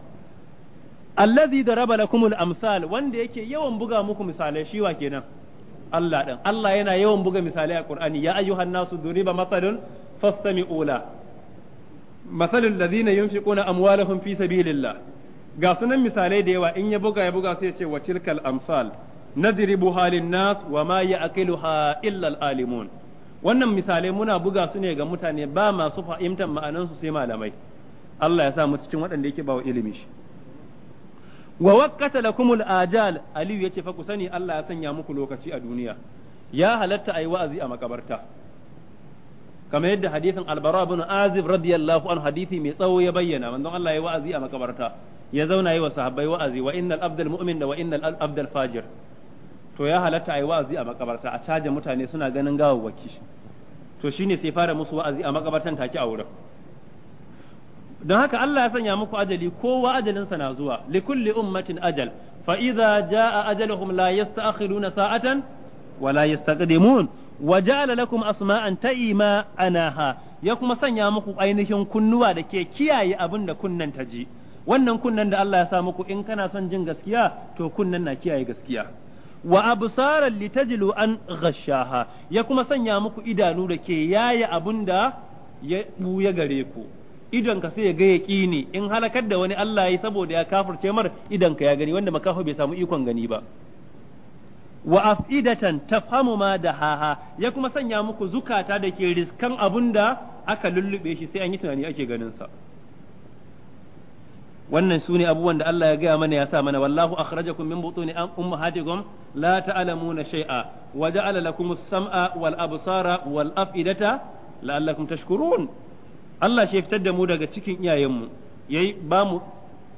allazi raba lakumul amsal wanda yake yawan buga muku misalai shi wa kenan Allah din Allah yana yawan buga misalai a Qur'ani ya ayyuhan nasu duriba masalun fastami'u la masalul ladina yunfiquna amwalahum fi sabilillah ga sunan misalai da yawa in ya buga ya buga sai ya ce wa tilkal amsal nadribu halin nas wa ma ya'qiluha illa al alimun wannan misalai muna buga su ne ga mutane ba masu fahimtar ma'anansu sai malamai Allah ya sa mu cikin waɗanda yake bawa ilimi shi wa wakkata lakumul ajal aliyu yace fa ku sani Allah ya sanya muku lokaci a duniya ya halatta ayi wa'azi a makabarta kamar yadda hadisin albara bin azib radiyallahu an hadisi mai tsawo ya bayyana manzon Allah ya wa'azi a makabarta ya zauna yi wa sahabbai wa'azi wa innal abdal mu'min da wa innal abdal fajir to ya halatta ayi wa'azi a makabarta a caje mutane suna ganin gawawwaki to shine sai fara musu wa'azi a makabartan take a wurin don haka Allah ya sanya muku ajali kowa ajalinsa na zuwa kulli ummatin ajal fa idza jaa ajaluhum la yasta'khiruna sa'atan wa la yastaqdimun wa ja'ala lakum asma'an ta'ima anaha ya kuma sanya muku ainihin kunnuwa da ke kiyaye abin da kunnan ta ji wannan kunnan da Allah ya sa muku in kana son jin gaskiya to kunnan na kiyaye gaskiya wa absaran litajilu an ghashaha ya kuma sanya muku idanu da ke yaya abunda ya buya gare ku idonka sai ya ga ne in halakar da wani Allah yayi saboda ya kafirce mar idonka ya gani wanda makaho bai samu ikon gani ba wa afidatan tafhamu ma da haha ya kuma sanya muku zukata da ke riskan da aka lullube shi sai an yi tunani ake ganin sa wannan sune abubuwan da Allah ya gaya mana ya sa mana wallahu akhrajakum min butuni an ummahatikum la ta'lamuna shay'a wa ja'ala lakum as-sam'a wal absara wal af'idata la'allakum tashkurun Allah shi fitar da mu daga cikin iyayenmu yayi ba mu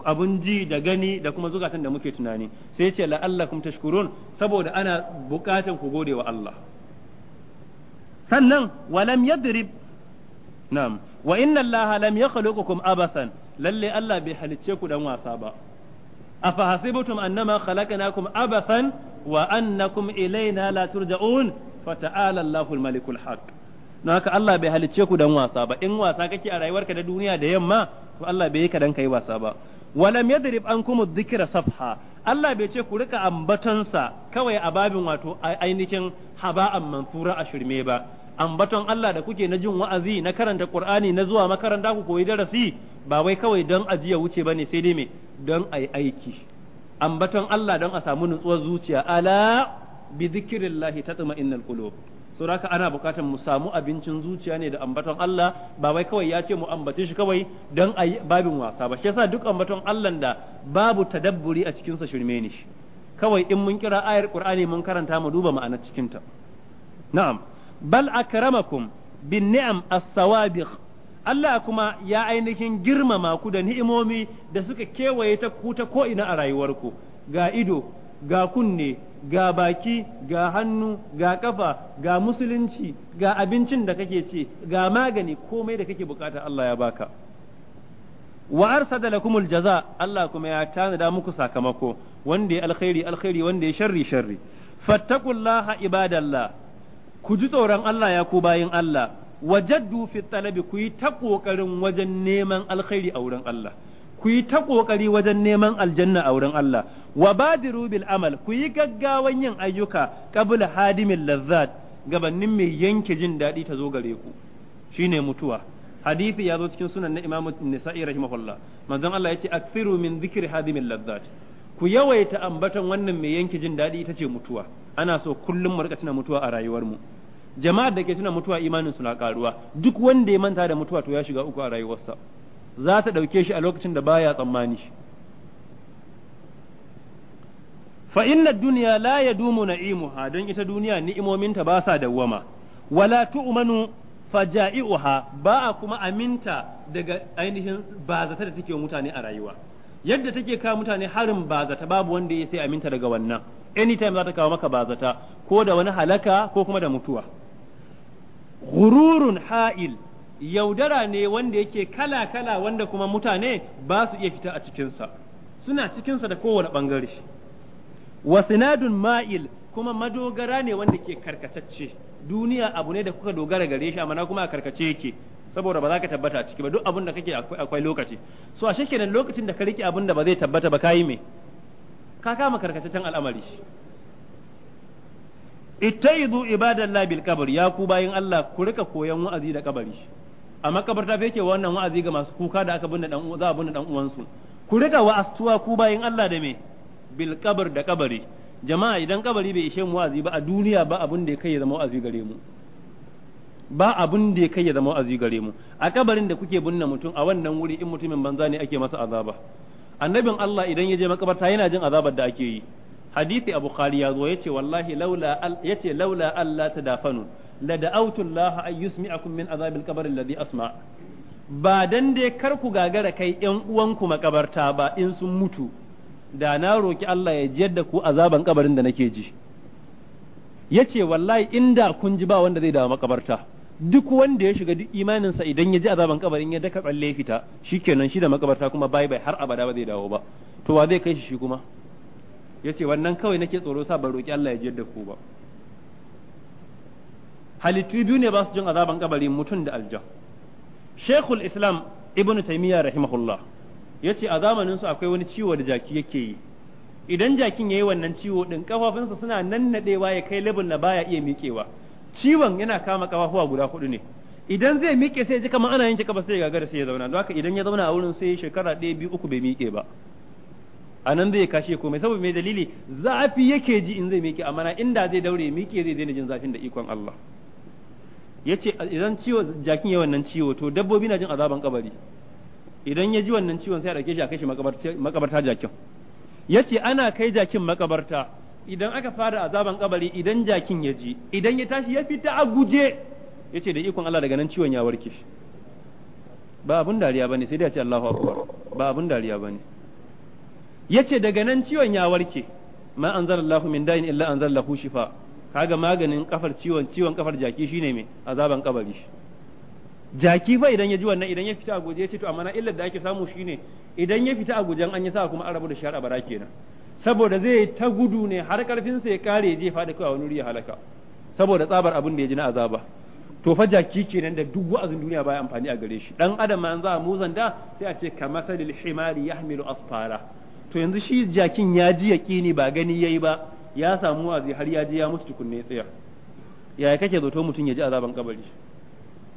abun ji da gani da kuma zukatan da muke tunani sai ya ce la'allakum tashkurun saboda ana bukatan ku gode wa Allah sannan walam yadrib na'am wa inna allaha lam yakhluqukum abathan lalle Allah bai halicce ku dan wasa ba afa hasibtum annama khalaqnakum abathan wa annakum ilaina la turja'un fata'ala Allahul malikul haqq don Allah bai halicce ku dan wasa ba in wasa kake a rayuwarka da duniya da yamma to Allah bai yi ka dan kai wasa ba walam yadrib ankum dhikra safha Allah bai ce ku rika ambatonsa kawai a babin wato ainihin haba'an manfura a shirme ba ambaton Allah da kuke na jin wa'azi na karanta Qur'ani na zuwa makaranta ku koyi darasi ba wai kawai don ajiya wuce bane sai dai me don ai aiki ambaton Allah don a samu nutsuwar zuciya ala bi zikrillah tatma'innul qulub suraka ana bukatar mu samu abincin zuciya ne da ambaton Allah ba wai kawai ya ce mu ambace shi kawai don a babin wasa ba shi yasa duk ambaton Allah da babu tadabburi a cikinsa shirme ne shi kawai in mun kira ayar Qur'ani mun karanta mu duba ma'anar cikinta na'am bal akramakum bin ni'am as-sawabiq Allah kuma ya ainihin girmama ku da ni'imomi da suka kewaye ta ku ta ko'ina a rayuwarku ga ido ga kunne ga baki ga hannu ga ƙafa ga musulunci ga abincin da kake ce ga magani komai da kake bukata Allah ya baka wa da lakumul jaza Allah kuma ya tanada muku sakamako wanda ya alkhairi alkhairi wanda ya sharri sharri fattakullaha ibadallah ku ji tsoron Allah ya ku bayin Allah wajaddu fi talabi ku yi ta kokarin wajen neman alkhairi a wurin Allah ku yi ta kokari wajen neman aljanna a wurin Allah wa badiru bil amal ku yi gaggawan yin ayyuka qabla hadimin lazzat gabanin mai yanke jin daɗi ta zo gare ku shine mutuwa hadisi ya zo cikin sunan na imamu nisa'i rahimahullah manzon Allah yace akthiru min dhikri hadimin lazzat ku yawaita ambaton wannan mai yanke jin daɗi ita ce mutuwa ana so kullum mu rika tuna mutuwa a rayuwar mu jama'ar da ke tuna mutuwa imanin su na karuwa duk wanda ya manta da mutuwa to ya shiga uku a rayuwarsa za ta ɗauke shi a lokacin da baya tsammani shi fa inna duniya la yadumu na'imuha don ita duniya ni'imominta ba sa dawwama wala tu'manu faja'i'uha ba a kuma aminta daga ainihin bazata da take mutane a rayuwa yadda take ka mutane harin bazata babu wanda ya sai aminta daga wannan anytime za ta kawo maka bazata ko da wani halaka ko kuma da mutuwa gururun ha'il yaudara ne wanda yake kala kala wanda kuma mutane ba su iya fita a cikinsa suna cikinsa da kowane bangare wa sinadun ma'il kuma madogara ne wanda ke karkatacce duniya abu ne da kuka dogara gare shi amma kuma a karkace yake saboda ba za ka tabbata a ciki ba duk abin da kake akwai lokaci so a shekenan lokacin da ka rike abin da ba zai tabbata ba kayi me ka kama karkataccen al'amari ittaidu ibadallahi bil qabr ya ku bayin Allah ku rika koyan wa'azi da kabari a makabarta fa yake wannan wa'azi ga masu kuka da aka binne dan za a binne dan uwansu ku rika wa'astuwa ku bayin Allah da me bil qabr da kabari jama'a idan kabari bai ishe mu wa'azi ba a duniya ba abin da ya kai ya zama wa'azi gare mu ba abun da ya kai ya zama wa'azi gare mu a kabarin da kuke binne mutum a wannan wuri in mutumin banza ne ake masa azaba annabin Allah idan ya je makabarta yana jin azabar da ake yi hadisi abu khari ya zo yace wallahi laula yace laula alla tadafanu la da'awtu Allah an yusmi'akum min azabil qabr alladhi asma ba dan dai kar ku gagara kai yan uwanku makabarta ba in sun mutu da na roki Allah ya jiyar da ku azaban kabarin da nake ji yace wallahi inda kun ji ba wanda zai dawo makabarta duk wanda ya shiga duk imaninsa idan ya ji azaban kabarin ya daka tsalle ya fita shikenan shi da makabarta kuma bai bai har abada ba zai dawo ba to wa zai kai shi shi kuma yace wannan kawai nake tsoro sa ban roki Allah ya jiyar da ku ba halittu biyu ne ba su jin azaban kabarin mutum da aljah Shekul Islam Ibn Taymiyyah rahimahullah yace a zamanin su akwai wani ciwo da jaki yake yi idan jakin ya yi wannan ciwo din kafafunsa suna nannadewa ya kai labin na baya iya miƙewa ciwon yana kama kafafuwa guda hudu ne idan zai miƙe sai ji kamar ana yanke kafa sai gagara sai ya zauna don haka idan ya zauna a wurin sai shekara ɗaya biyu uku bai miƙe ba a nan zai kashe komai saboda mai dalili zafi yake ji in zai miƙe amma inda zai daure miƙe zai daina jin zafin da ikon Allah yace idan ciwo jakin ya wannan ciwo to dabbobi na jin azaban kabari idan ya ji wannan ciwon sai a dauke shi a kai shi makabarta jakin yace ana kai jakin makabarta idan aka fara azaban kabari idan jakin ya ji idan ya tashi ya fita a guje ya ce da ikon Allah daga nan ciwon ya warke shi ba abun dariya bane sai dai ya ce Allahu akbar ba abun dariya bane ce daga nan ciwon ya warke ma anzalallahu min da'in illa anzalahu shifa kaga maganin kafar ciwon ciwon kafar jaki shine me azaban kabari jaki fa idan ya ji wannan idan ya fita a guje ya ce to amma na illar da ake samu shine idan ya fita a gujen an yi sa kuma an rabu da shar a bara kenan saboda zai ta gudu ne har karfin sa ya kare je faɗi kawai wani wuri ya halaka saboda tsabar abin da ya ji na azaba to fa jaki kenan da duk wa'azin duniya baya amfani a gare shi dan adam an za a zanda sai a ce kamasalil himari yahmilu asfara to yanzu shi jakin ya ji yaqini ba gani yayi ba ya samu wa'azi har ya ji ya mutu tukunne ya tsaya yaya kake zoto mutum ya ji azaban kabari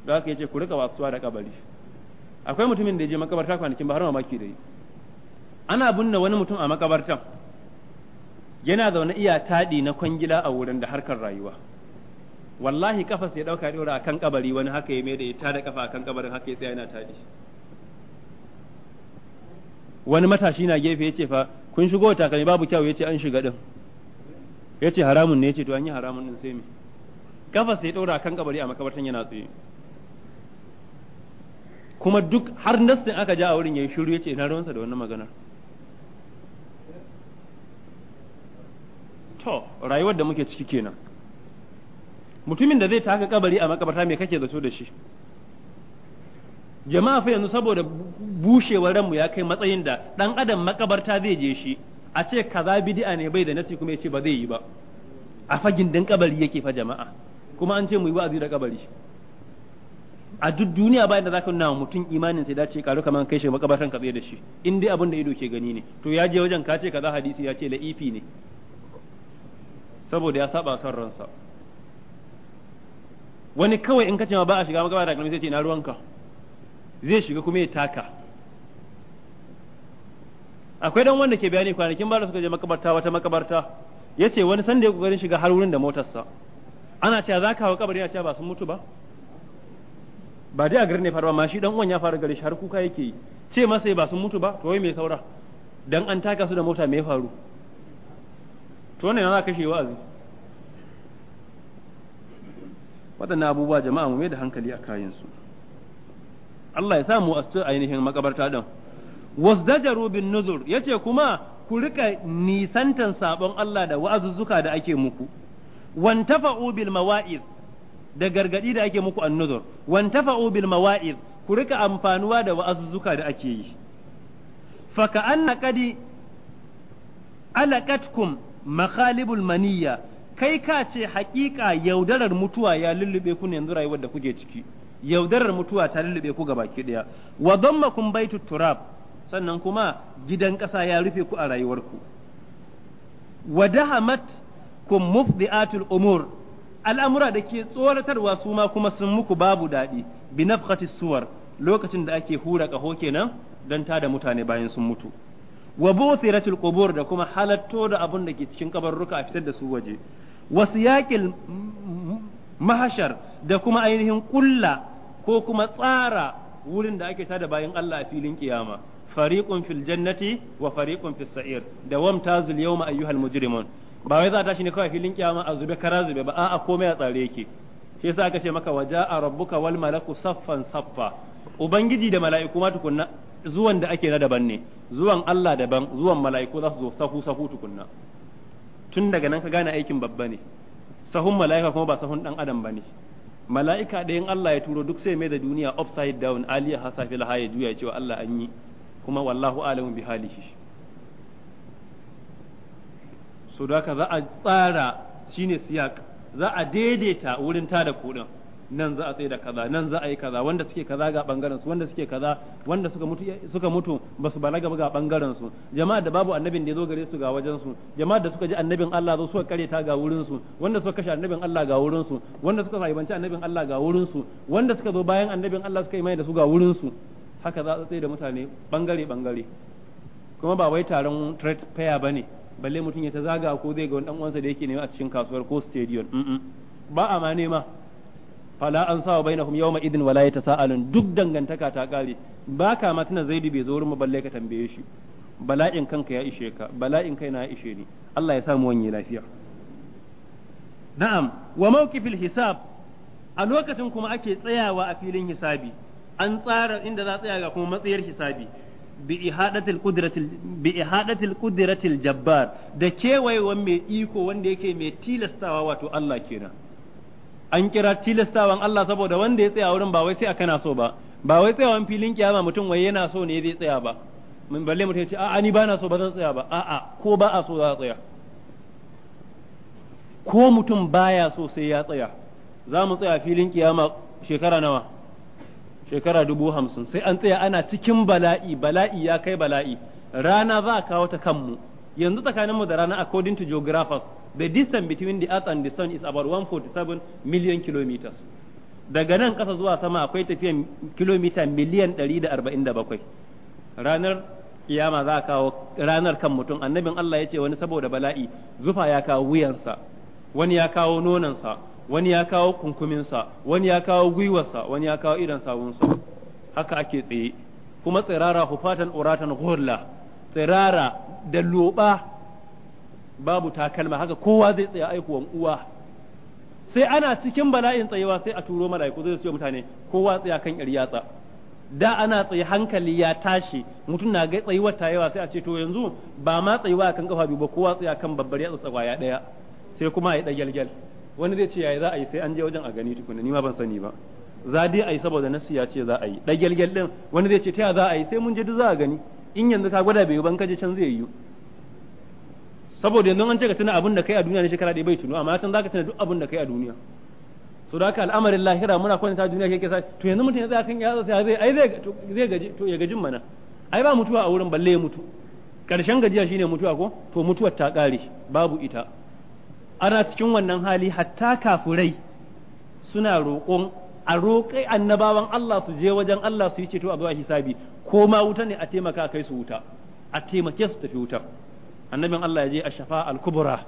da haka yace ku rika wasuwa da kabari akwai mutumin da ya je makabarta kwanakin ba har mamaki da yi ana binne wani mutum a makabartan yana zaune iya taɗi na kwangila a wurin da harkar rayuwa wallahi kafa sai ɗora a kan kabari wani haka ya mai da ya tada kafa kan kabarin haka ya tsaya yana taɗi wani matashi na gefe ya ce fa kun shigo takalmi babu kyau ya ce an shiga ɗin ya ce haramun ne ya ce to an yi haramun ɗin sai me kafa sai a kan kabari a makabartan yana tsaye kuma duk har nassin aka ja a wurin yayi shiru yace ina ruwansa da wannan maganar to rayuwar da muke ciki kenan mutumin da zai taka kabari a makabarta me kake zato da shi jama'a fa yanzu saboda bushewar ranmu ya kai matsayin da dan adam makabarta zai je shi a ce kaza bid'a ne bai da nasi kuma ya ce ba zai yi ba a fagin dan kabari yake fa jama'a kuma an ce mu yi wa'azi da kabari a duk duniya ba da zaka nuna mutum imanin sai dace karu kamar kai shi makabartan ka tsaye da shi in dai abin da ido ke gani ne to ya je wajen ka ce kaza hadisi ya ce la'ifi ne saboda ya saba son ransa wani kawai in ka ce ma ba a shiga maka da kalmi sai ce na ruwanka zai shiga kuma ya taka akwai dan wanda ke bayani kwanakin ba da suka je makabarta wata makabarta ya ce wani sanda ya kokarin shiga har wurin da motarsa ana cewa za ka hau kabari a cewa ba sun mutu ba ba dai a garin ne faruwa ma shi dan uwan ya fara gari shi har kuka yake yi ce masa ba sun mutu ba to wai me saura dan an taka su da mota me faru to ne za kashe wa'azi waɗannan abubuwa jama'a mu mai da hankali a kayansu Allah ya sa mu a ainihin makabarta din wasdajaru bin nuzur yace kuma ku rika nisantan sabon Allah da wa'azuzzuka da ake muku wantafa'u bil mawa'iz da gargadi da ake muku annuzur wantafa'u bil mawa'iz ku rika amfanuwa da wa'azuzzuka da ake yi faka anna qadi alaqatkum makhalibul maniyya kai ka ce hakika yaudarar mutuwa ya lullube ku ne yanzu rayuwar da kuke ciki yaudarar mutuwa ta lullube ku gabaki daya wa dhammakum baitut turab sannan kuma gidan ƙasa ya rufe ku a rayuwarku wa dahamat kum mufdiatul umur al'amura da ke tsoratarwa su ma kuma sun muku babu daɗi bi suwar lokacin da ake hura ƙaho kenan don tada mutane bayan sun mutu wa buthiratul qubur da kuma halatto da abun da ke cikin kabarruka a fitar da su waje wasu yaƙin mahashar da kuma ainihin kulla ko kuma tsara wurin da ake da bayan Allah a filin kiyama fariqun fil jannati wa fariqun fis sa'ir da wamtazul yawma ayyuhal mujrimun ba wai za ta shi ne kawai filin kiyama a zube kara zube ba a'a komai a tsare yake shi yasa aka ce maka waja'a rabbuka wal malaku saffan saffa ubangiji da mala'iku ma tukunna zuwan da ake na daban ne zuwan Allah daban zuwan mala'iku za su zo sahu sahu tukunna tun daga nan ka gane aikin babba ne sahun mala'ika kuma ba sahun dan adam bane mala'ika da in Allah ya turo duk sai mai da duniya upside down aliya hasa fil ya juya cewa Allah an yi kuma wallahu alamu bi halihi so da za a tsara shine siyak za a daidaita wurin tada kudin nan za a tsaye da kaza nan za a yi kaza wanda suke kaza ga bangaren su wanda suke kaza wanda suka mutu suka mutu ba su balaga ga bangaren su jama'a da babu annabin da ya zo gare su ga wajen su jama'a da suka ji annabin Allah zo suka ta ga wurin su wanda suka kashe annabin Allah ga wurin su wanda suka sahibanci annabin Allah ga wurin su wanda suka zo bayan annabin Allah suka yi mai da su ga wurin su haka za a tsaye da mutane bangare bangare kuma ba wai taron trade fair bane balle mutum ya ta zaga ko zai ga wani dan uwansa da yake nema a cikin kasuwar ko stadium ba a ma nema fala an sawa bainahum yawma idin wala yatasaalun duk dangantaka ta kare baka ma tana bai zo wurin mu balle ka tambaye shi bala'in kanka ya ishe ka bala'in kaina ya ishe ni Allah ya mu wani lafiya na'am wa mawqifil hisab a lokacin kuma ake tsayawa a filin hisabi an tsara inda za a tsaya ga kuma matsayar hisabi bi ihadatil qudratil jabbar da kewayewan mai iko wanda yake mai tilastawa wato Allah kenan an kira tilastawan Allah saboda wanda ya tsaya wurin ba wai sai aka na so ba ba wai tsayawan filin kiyama mutum wai yana so ne zai tsaya ba mun balle mutum ya ce a'a ni ba na so ba zan tsaya ba a'a ko ba a so za a tsaya ko mutum baya so sai ya tsaya za mu tsaya filin kiyama shekara nawa shekara dubu hamsin sai an tsaya ana cikin bala'i bala'i ya kai bala'i rana za a kawo ta kanmu yanzu tsakaninmu da rana according to geographers the distance between the earth and the sun is about 147 million kilometers daga nan kasa zuwa sama akwai tafiyan kilomita miliyan 147 ranar kiyama za a kawo ranar kan mutum annabin Allah ya ce wani saboda bala'i zufa ya kawo wuyansa wani ya kawo nonansa wani ya kawo kunkuminsa wani ya kawo gwiwarsa wani ya kawo idan sawunsa haka ake tsaye kuma tsirara hufatan uratan ghurla tsirara da loba babu takalma haka kowa zai tsaya aikuwan uwa sai ana cikin bala'in tsayewa sai a turo mala'iku zai su mutane kowa tsaya kan yar yatsa da ana tsaye hankali ya tashi mutum na ga tsayuwar ta yawa sai a ce to yanzu ba ma tsayuwa kan kafa biyu ba kowa tsaya kan babbar yatsa tsawaya daya sai kuma ya dagyalgyal wani zai ce yayi za a yi sai an je wajen a gani tukuna ni ma ban sani ba za dai a yi saboda nasu ya ce za a yi dagyalgyal din wani zai ce ta za a yi sai mun je duk za a gani in yanzu ka gwada bai ban kaje can zai yi saboda yanzu an ce ka tuna abin da kai a duniya ne shekara ɗaya bai tuno amma za ka tuna duk abin da kai a duniya so da haka al'amarin lahira muna kwanta duniya ke kesa to yanzu mutum ya tsaya kan yatsa ya zai zai gaji to ya gajin mana ai ba mutuwa a wurin balle ya mutu karshen gajiya shine mutuwa ko to mutuwar ta kare babu ita ana cikin wannan hali hatta kafurai suna roƙon a roƙe annabawan Allah su je wajen Allah su yi ceto a zuwa hisabi ko ma wuta ne a taimaka kai su wuta a taimake su tafi wuta. annabin Allah ya je a shafa al-kubra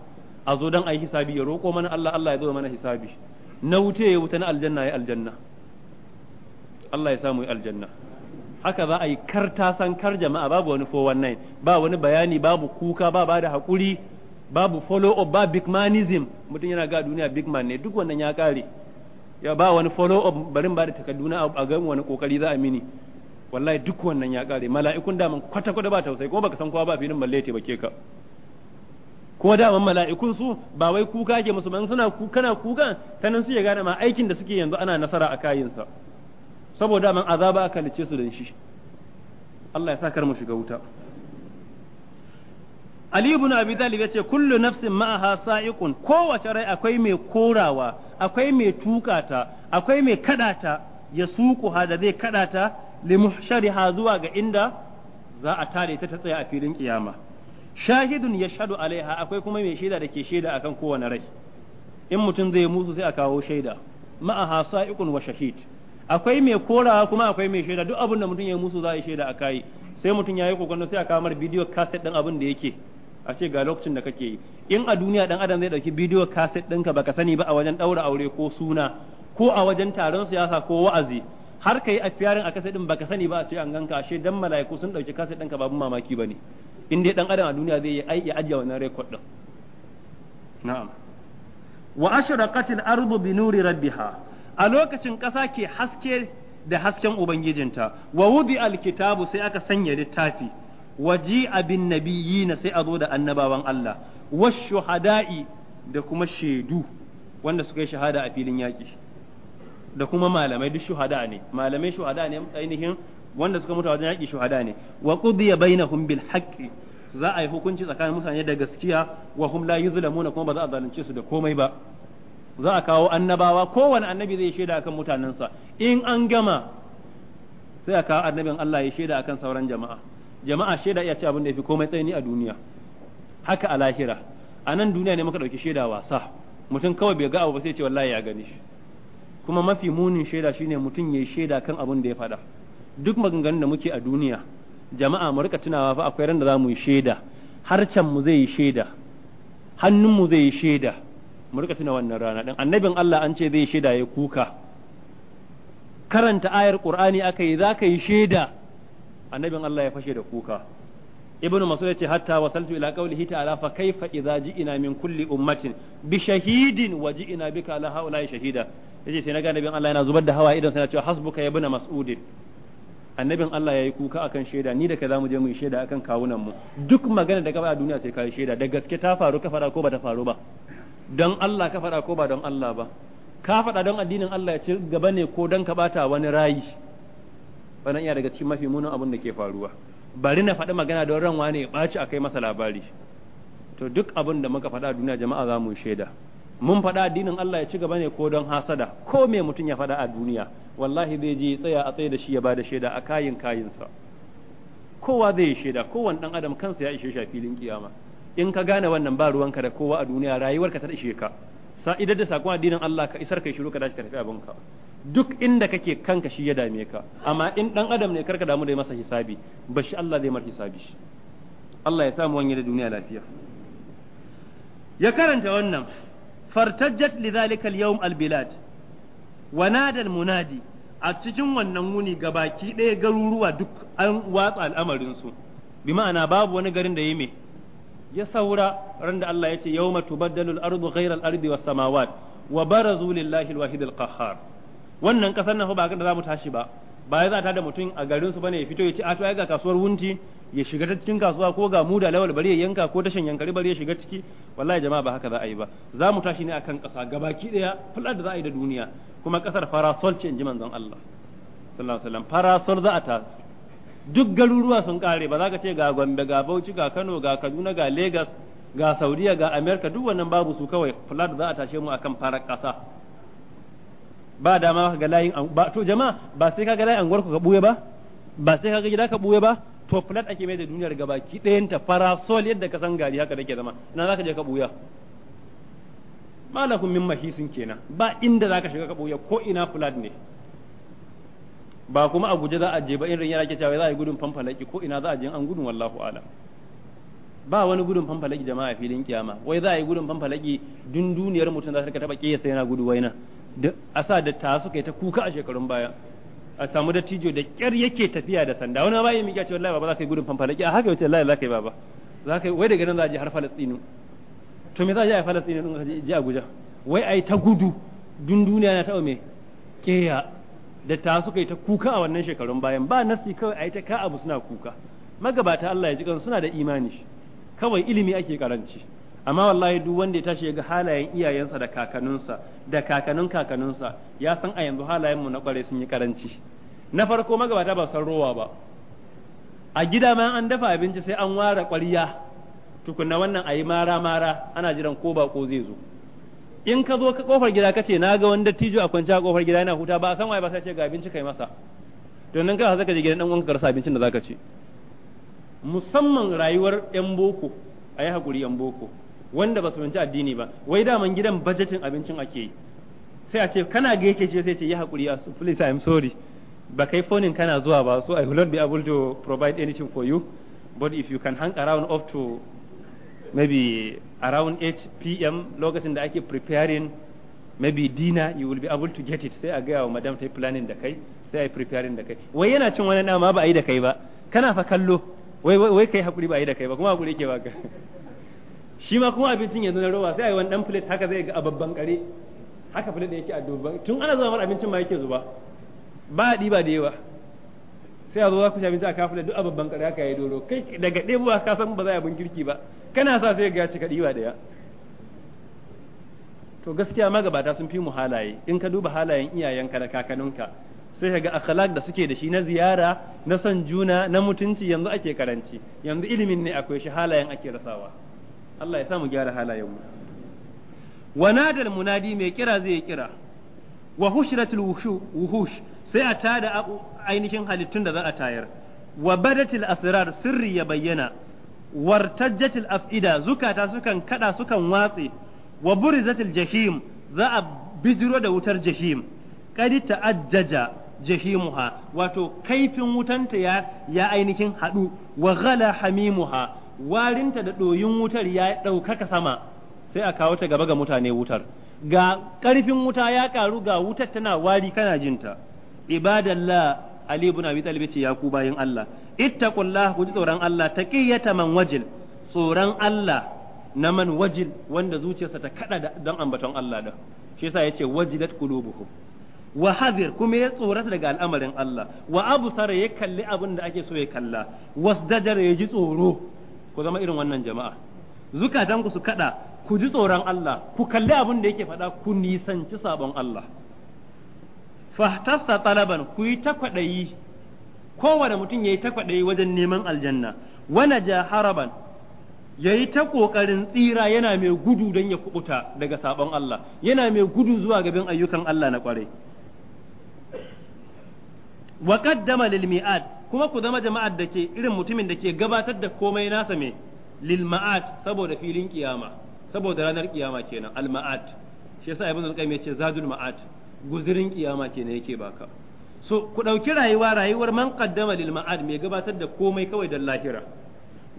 a zo dan ayi hisabi ya roko mana Allah Allah ya zo mana hisabi na wuce ya wuta na aljanna ya aljanna Allah ya samu ya aljanna haka za a yi karta san kar jama'a babu wani 419 ba wani bayani babu kuka ba ba da hakuri babu follow up ba big manism mutum yana ga duniya big man ne duk wannan ya kare ya ba wani follow up barin ba da takarduna a ga wani kokari za a mini wallahi duk wannan ya kare mala'ikun daman kwata kwata ba tausayi kuma baka san kowa ba filin ba ke ka kuma daman mala'ikun su ba wai kuka ke musu ban suna kana kuka ta nan su ya gane ma aikin da suke yanzu ana nasara a sa saboda man azaba aka lice su dan shi Allah ya sa kar mu shiga wuta Ali ibn Abi Talib ce kullu nafsin ma'aha sa'iqun kowace rai akwai mai korawa akwai mai tukata akwai mai kadata ya suku da zai kadata limuhshariha zuwa ga inda za a tare ta ta tsaya a filin kiyama shahidun yashhadu alaiha akwai kuma mai shaida da ke shaida akan kowane rai in mutum zai musu sai a kawo shaida ma'aha sa'iqun wa shahid akwai mai korawa kuma akwai mai shaida duk abin da mutum ya musu za a yi shaida a kai sai mutum ya yi kokarin sai a kawo mar bidiyo kaset din abin da yake a ce ga lokacin da kake yi in a duniya dan adam zai dauki bidiyo kaset ɗinka baka sani ba a wajen ɗaura aure ko suna ko a wajen taron siyasa ko wa'azi har kai a fiyarin a din baka sani ba a ce an ganka ashe dan mala'iku sun dauki kasa ɗinka babu mamaki bane in dai dan adam a duniya zai yi ai ya ajiya wannan record din na'am wa ashraqat al-ardu bi nuri rabbiha a lokacin ƙasa ke haske da hasken ubangijinta wa wudi al-kitabu sai aka sanya littafi waji abin na sai a zo da annabawan Allah wa shuhada'i da kuma shaidu wanda suka yi shahada a filin yaki. da kuma malamai duk shuhada ne malamai shuhada ne ainihin wanda suka mutu wajen yaƙi shuhada ne wa qudiya bainahum bil haqqi za a yi hukunci tsakanin mutane da gaskiya wa hum la yuzlamuna kuma ba za a zalunce su da komai ba za a kawo annabawa kowane annabi zai shaida akan mutanensa in an gama sai a kawo annabin Allah ya shaida akan sauran jama'a jama'a shaida iya ce abin da yafi komai tsaini a duniya haka a lahira a nan duniya ne muka ɗauki shaida wasa mutum kawai bai ga abu ba sai ce wallahi ya gani shi kuma mafi munin shaida shine mutum ya shaida kan abin da ya faɗa duk maganganun da muke a duniya jama'a mu rika tunawa fa akwai ran da za mu yi shaida harcen mu zai yi shaida hannun mu zai yi shaida mu rika tuna wannan rana din annabin Allah an ce zai shaida ya kuka karanta ayar qur'ani aka yi za ka yi shaida annabin Allah ya fashe da kuka ibnu mas'ud yace hatta wasaltu ila qawlihi ta'ala fa kaifa idza ji'ina min kulli ummatin bi shahidin wa ji'ina bika la haula shahida yace sai na ga annabin Allah yana zubar da hawa idan sai cewa hasbuka ya buna mas'udin annabin Allah yayi kuka akan shaida ni da ka zamu je mu shaida akan kawunan mu duk magana da gaba a duniya sai kai shaida da gaske ta faru ka fada ko ba ta faru ba dan Allah ka fada ko ba don Allah ba ka fada don addinin Allah ya ci gaba ne ko don ka bata wani rayi wannan iya daga cikin mafi munin abin da ke faruwa bari na faɗi magana don ranwa ne ya ɓaci a kai masa labari to duk abin da muka faɗa duniya jama'a za mu shaida mun faɗa addinin Allah ya ci gaba ne ko don hasada ko me mutum ya faɗa a duniya wallahi zai je tsaya a tsaye da shi ya bada shaida a kayin kayinsa kowa zai shaida kowane dan adam kansa ya ishe shi a filin kiyama in ka gane wannan ba ruwanka da kowa a duniya rayuwarka ta ishe ka sa idan da sakon addinin Allah ka isar kai shiru ka dace ka tafi ka duk inda kake kanka shi ya dame ka amma in dan adam ne karka damu da masa hisabi bashi Allah zai mar hisabi shi Allah ya samu wani da duniya lafiya ya karanta wannan fartajjat lizalikal al-yawm al-bilad munadi a cikin wannan wuni ga baki ɗaya garuruwa duk an watsa al'amarin su bi ma'ana babu wani garin da ya mai. ya saura ran da Allah ya ce yauma tubaddalu al-ardu ghayra al-ardi wa barazu lillahi al-wahid al wannan ƙasar nan ba kan da za mu tashi ba ba ya zata da mutum a garin su bane ya fito ya ce a to kasuwar wunti ya shiga ta cikin kasuwa ko ga muda lawal bari ya yanka ko tashan yankari bari ya shiga ciki wallahi jama'a ba haka za a yi ba za mu tashi ne akan ƙasa gabaki daya fular da za a yi da duniya kuma ƙasar farasol ce in ji manzon Allah sallallahu alaihi wasallam farasol za a ta duk garuruwa sun kare ba za ka ce ga Gombe ga Bauchi ga Kano ga Kaduna ga Lagos ga Saudiya ga America duk wannan babu su kawai fular za a tashe mu akan farar ƙasa ba dama ga layin ba to jama'a ba sai ka ga layin anguwar ka buye ba ba sai ka ga gida ka buye ba to flat ake mai da duniyar gabaki ɗayanta sol yadda ka san gari haka take zama na zaka je ka buya malahum min mahisin kenan ba inda zaka shiga ka buya ko ina flat ne ba kuma a guje za a je ba in irin yana ke cewa za a yi gudun fanfalaki ko ina za a je an gudun wallahu alam ba wani gudun fanfalaki jama'a filin kiyama wai za a yi gudun fanfalaki dun duniyar mutum za ta taba kiyasa yana gudu waina a sa da ta suka yi ta kuka a shekarun baya a samu dattijo da kyar yake tafiya da sanda wani ba ya miƙa cewa wallahi ba za ka yi gudun fanfalaki a haka yace wallahi za ka yi baba za ka yi wai daga nan za a je har Falastinu to me za a je a Falastinu din ka je Abuja wai ai ta gudu dun duniya na taɓa me keya da ta suka yi ta kuka a wannan shekarun bayan ba nasi kawai ai ta ka abu suna kuka magabata Allah ya ji suna da imani kawai ilimi ake karanci amma wallahi duk wanda ya tashi ya ga halayen iyayensa da kakanninsa da kakannin kakanninsa ya san a yanzu halayen mu na kware sun yi karanci na farko magabata ba san rowa ba a gida ma an dafa abinci sai an ware kwariya tukunna wannan ayi mara mara ana jiran ko bako zai zo in ka zo ka kofar gida kace na ga wanda tijo a kwanciya kofar gida yana huta ba a san waye ba sai ce ga abinci kai masa to nan ka zaka je gidan dan uwanka rasa abincin da zaka ci musamman rayuwar yan boko ayi hakuri yan boko wanda ba su fahimci addini ba wai daman gidan bajetin abincin ake yi sai a ce kana ga yake ce sai ce yi hakuri a su please i'm sorry ba kai fonin kana zuwa ba so i will not be able to provide anything for you but if you can hang around up to maybe around 8 pm lokacin da ake preparing maybe dinner you will be able to get it sai a gaya wa madam ta planning da kai sai a preparing da kai wai yana cin wani nama ba a yi da kai ba kana fa kallo wai wai kai hakuri ba a yi da kai ba kuma hakuri ke ba shi ma kuma abincin yanzu na rowa sai a yi wani dan plate haka zai ga a babban kare haka plate da yake a dubban tun ana zuwa mar abincin ma yake zuba ba a ɗiba da yawa sai a zo za ku shafi a kafin duk a babban kare haka ya doro kai daga ɗebuwa ka san ba za a bin kirki ba kana sa sai ga cika ɗiba da to gaskiya magabata sun fi mu halaye in ka duba halayen iyayenka da kakaninka sai ka ga akhlaq da suke da shi na ziyara na son juna na mutunci yanzu ake karanci yanzu ilimin ne akwai shi halayen ake rasawa Allah ya samu gyara halayen mu munadi mai kira zai kira wa hushratul wuhush sai a tada ainihin halittun da za a tayar wa badatil asrar sirri ya bayyana wartajjatil af'ida zukata sukan kada sukan watse wa burizatil jahim za a bijiro da wutar jahim kadi ta'ajjaja jahimuha wato kaifin wutanta ya ainihin haɗu wa ghala hamimuha warinta da ɗoyin wutar ya ɗaukaka sama sai a kawo ta gaba ga mutane wutar ga ƙarfin wuta ya ƙaru ga wutar tana wari kana jinta ibadallah ali ibn abi talib ce ya ku bayin Allah ittaqullah ku ji tsoron Allah taqiyata man wajil tsoron Allah na man wajil wanda zuciyarsa ta kada don ambaton Allah da shi yasa yace wajilat qulubuhum wa hadir kuma ya tsorata daga al'amarin Allah wa abusara ya kalli abin da ake so ya kalla dajara ya ji tsoro ku zama irin wannan jama'a zukatan ku su kada ku ji tsoron Allah ku kalli abin da yake faɗa ku nisanci sabon Allah fahtassa talaban ku yi ta kwaɗayi kowane mutum ya yi ta kwaɗayi wajen neman aljanna Wani ja haraban ya yi ta ƙoƙarin tsira yana mai gudu don ya kubuta daga sabon Allah yana mai gudu zuwa gaban ayyukan Allah na ƙwarai wa qaddama lil mi'ad kuma ku zama jama'ar da ke irin mutumin da ke gabatar da komai nasa me lil ma'at saboda filin kiyama saboda ranar kiyama kenan al ma'at shi yasa ibnu qayyim yace zadul ma'at guzurin kiyama kenan yake baka so ku dauki rayuwa rayuwar man qaddama lil ma'at mai gabatar da komai kawai dan lahira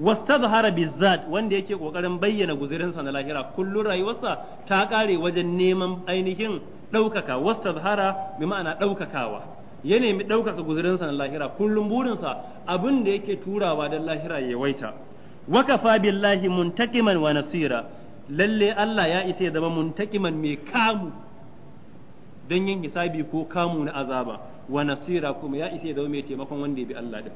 wastazhara bizzat wanda yake kokarin bayyana sa na lahira kullun rayuwarsa ta kare wajen neman ainihin ɗaukaka wastazhara bi ma'ana ɗaukakawa ya nemi ɗaukaka guzurinsa na lahira kullum burinsa abin da yake turawa don lahira ya waita wakafa billahi muntakiman wa nasira lalle Allah ya isa ya zama muntakiman mai kamu don yin hisabi ko kamu na azaba wa nasira kuma ya isa ya zama mai taimakon wanda ya bi Allah din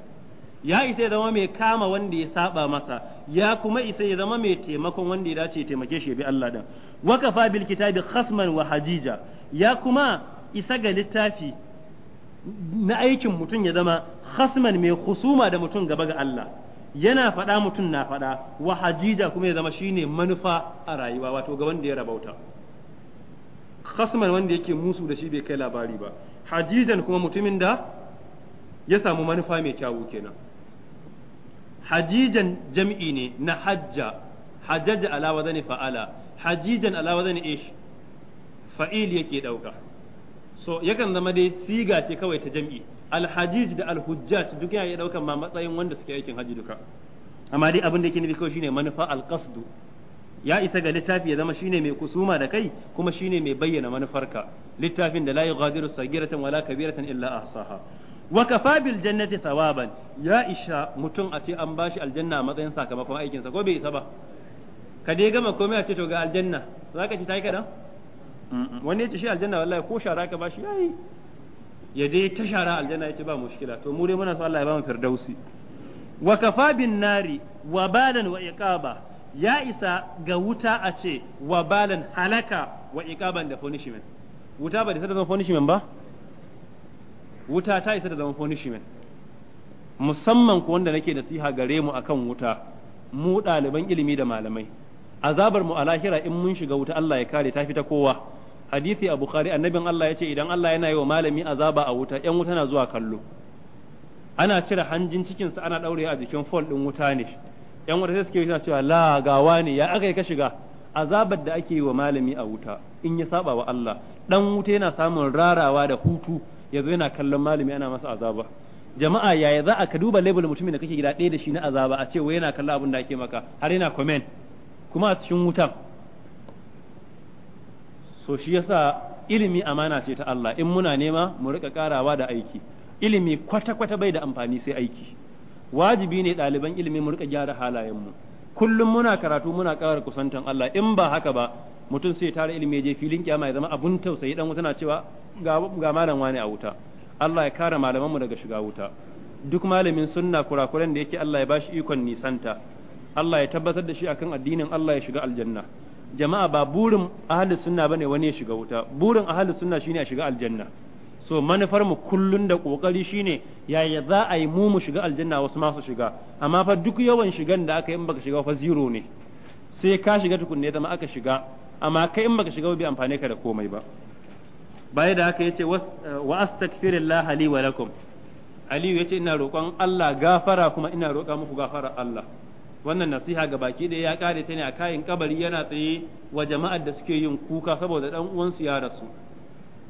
ya isa ya zama mai kama wanda ya saba masa ya kuma isa ya zama mai taimakon wanda ya dace taimake shi ya bi Allah din wakafa bil kitabi khasman wa hajija ya kuma isa ga littafi na aikin mutum ya zama khasman mai husuma da mutum gaba ga Allah yana faɗa mutum na faɗa wa hajija kuma ya zama shine manufa a rayuwa wato ga wanda ya rabauta khasman wanda yake musu da shi bai kai labari ba hajijan kuma mutumin da ya samu manufa mai kyawu kenan hajijan jam'i ne na hajja hajjaja ala wazani fa'ala hajijan ala wazani ish fa'il yake dauka so yakan zama dai siga ce kawai ta jam'i alhajij da alhujjat duk ya yi daukan ma matsayin wanda suke aikin haji duka amma dai abin da yake nufi kawai shine manufa alqasd ya isa ga littafi ya zama shine mai kusuma da kai kuma shine mai bayyana manufarka littafin da la yughadiru sagiratan wala kabiratan illa ahsaha wa kafa bil jannati thawaban ya isha mutum a ce an bashi aljanna a matsayin sakamakon aikinsa ko bai isa ba ka dai gama komai a ce to ga aljanna zaka ci yi kadan wani yace shi aljanna wallahi ko shara ka bashi yayi ya je ta shara aljanna yace ba mushkila to mu dai muna so Allah ya ba mu firdausi wa kafa bin nari wa balan wa iqaba ya isa ga wuta a ce wa balan halaka wa iqaban da punishment wuta ba da sada zama punishment ba wuta ta isa da zama punishment musamman ko wanda nake nasiha gare mu akan wuta mu ɗaliban ilimi da malamai azabar mu a lahira in mun shiga wuta Allah ya kare ta fita kowa hadisi a bukhari annabin Allah ya ce idan Allah yana yi wa malami azaba a wuta yan wuta na zuwa kallo ana cire hanjin cikinsa ana daure a jikin fol din wuta ne yan wuta sai suke yi cewa la gawa ne ya aka yi ka shiga azabar da ake yi wa malami a wuta in ya saba wa Allah dan wuta yana samun rarawa da hutu zo yana kallon malami ana masa azaba jama'a yaya za a ka duba label mutumin da kake gida ɗaya da shi na azaba a ce wai yana kallon abin da ake maka har yana comment kuma a cikin wutan so shi yasa ilimi amana ce ta Allah in muna nema mu rika karawa da aiki ilimi kwata kwata bai da amfani sai aiki wajibi ne ɗaliban ilimi mu rika gyara halayenmu kullum muna karatu muna karar kusantan Allah in ba haka ba mutum sai tara ilimi je filin kiyama ya zama abun tausayi dan na cewa ga malam wani a wuta Allah ya kare malamanmu daga shiga wuta duk malamin sunna kurakuran da yake Allah ya bashi ikon nisanta Allah ya tabbatar da shi akan addinin Allah ya shiga aljanna jama'a ba burin ahalus sunna bane wani ya shiga wuta burin ahalus sunna shine a shiga aljanna so manufar mu kullun da kokari shine yaya za a yi mu mu shiga aljanna wasu ma su shiga amma fa duk yawan shigan da aka yi in baka shiga fa zero ne sai ka shiga tukunne zama aka shiga amma kai in baka shiga bai amfane ka da komai ba baya da haka yace wa astaghfirullah li wa lakum aliyu yace ina roƙon Allah gafara kuma ina roƙa muku gafara Allah wannan nasiha ga baki da ya kare ta ne a kayan kabari yana tsaye wa jama'ar da suke yin kuka saboda dan uwansu ya rasu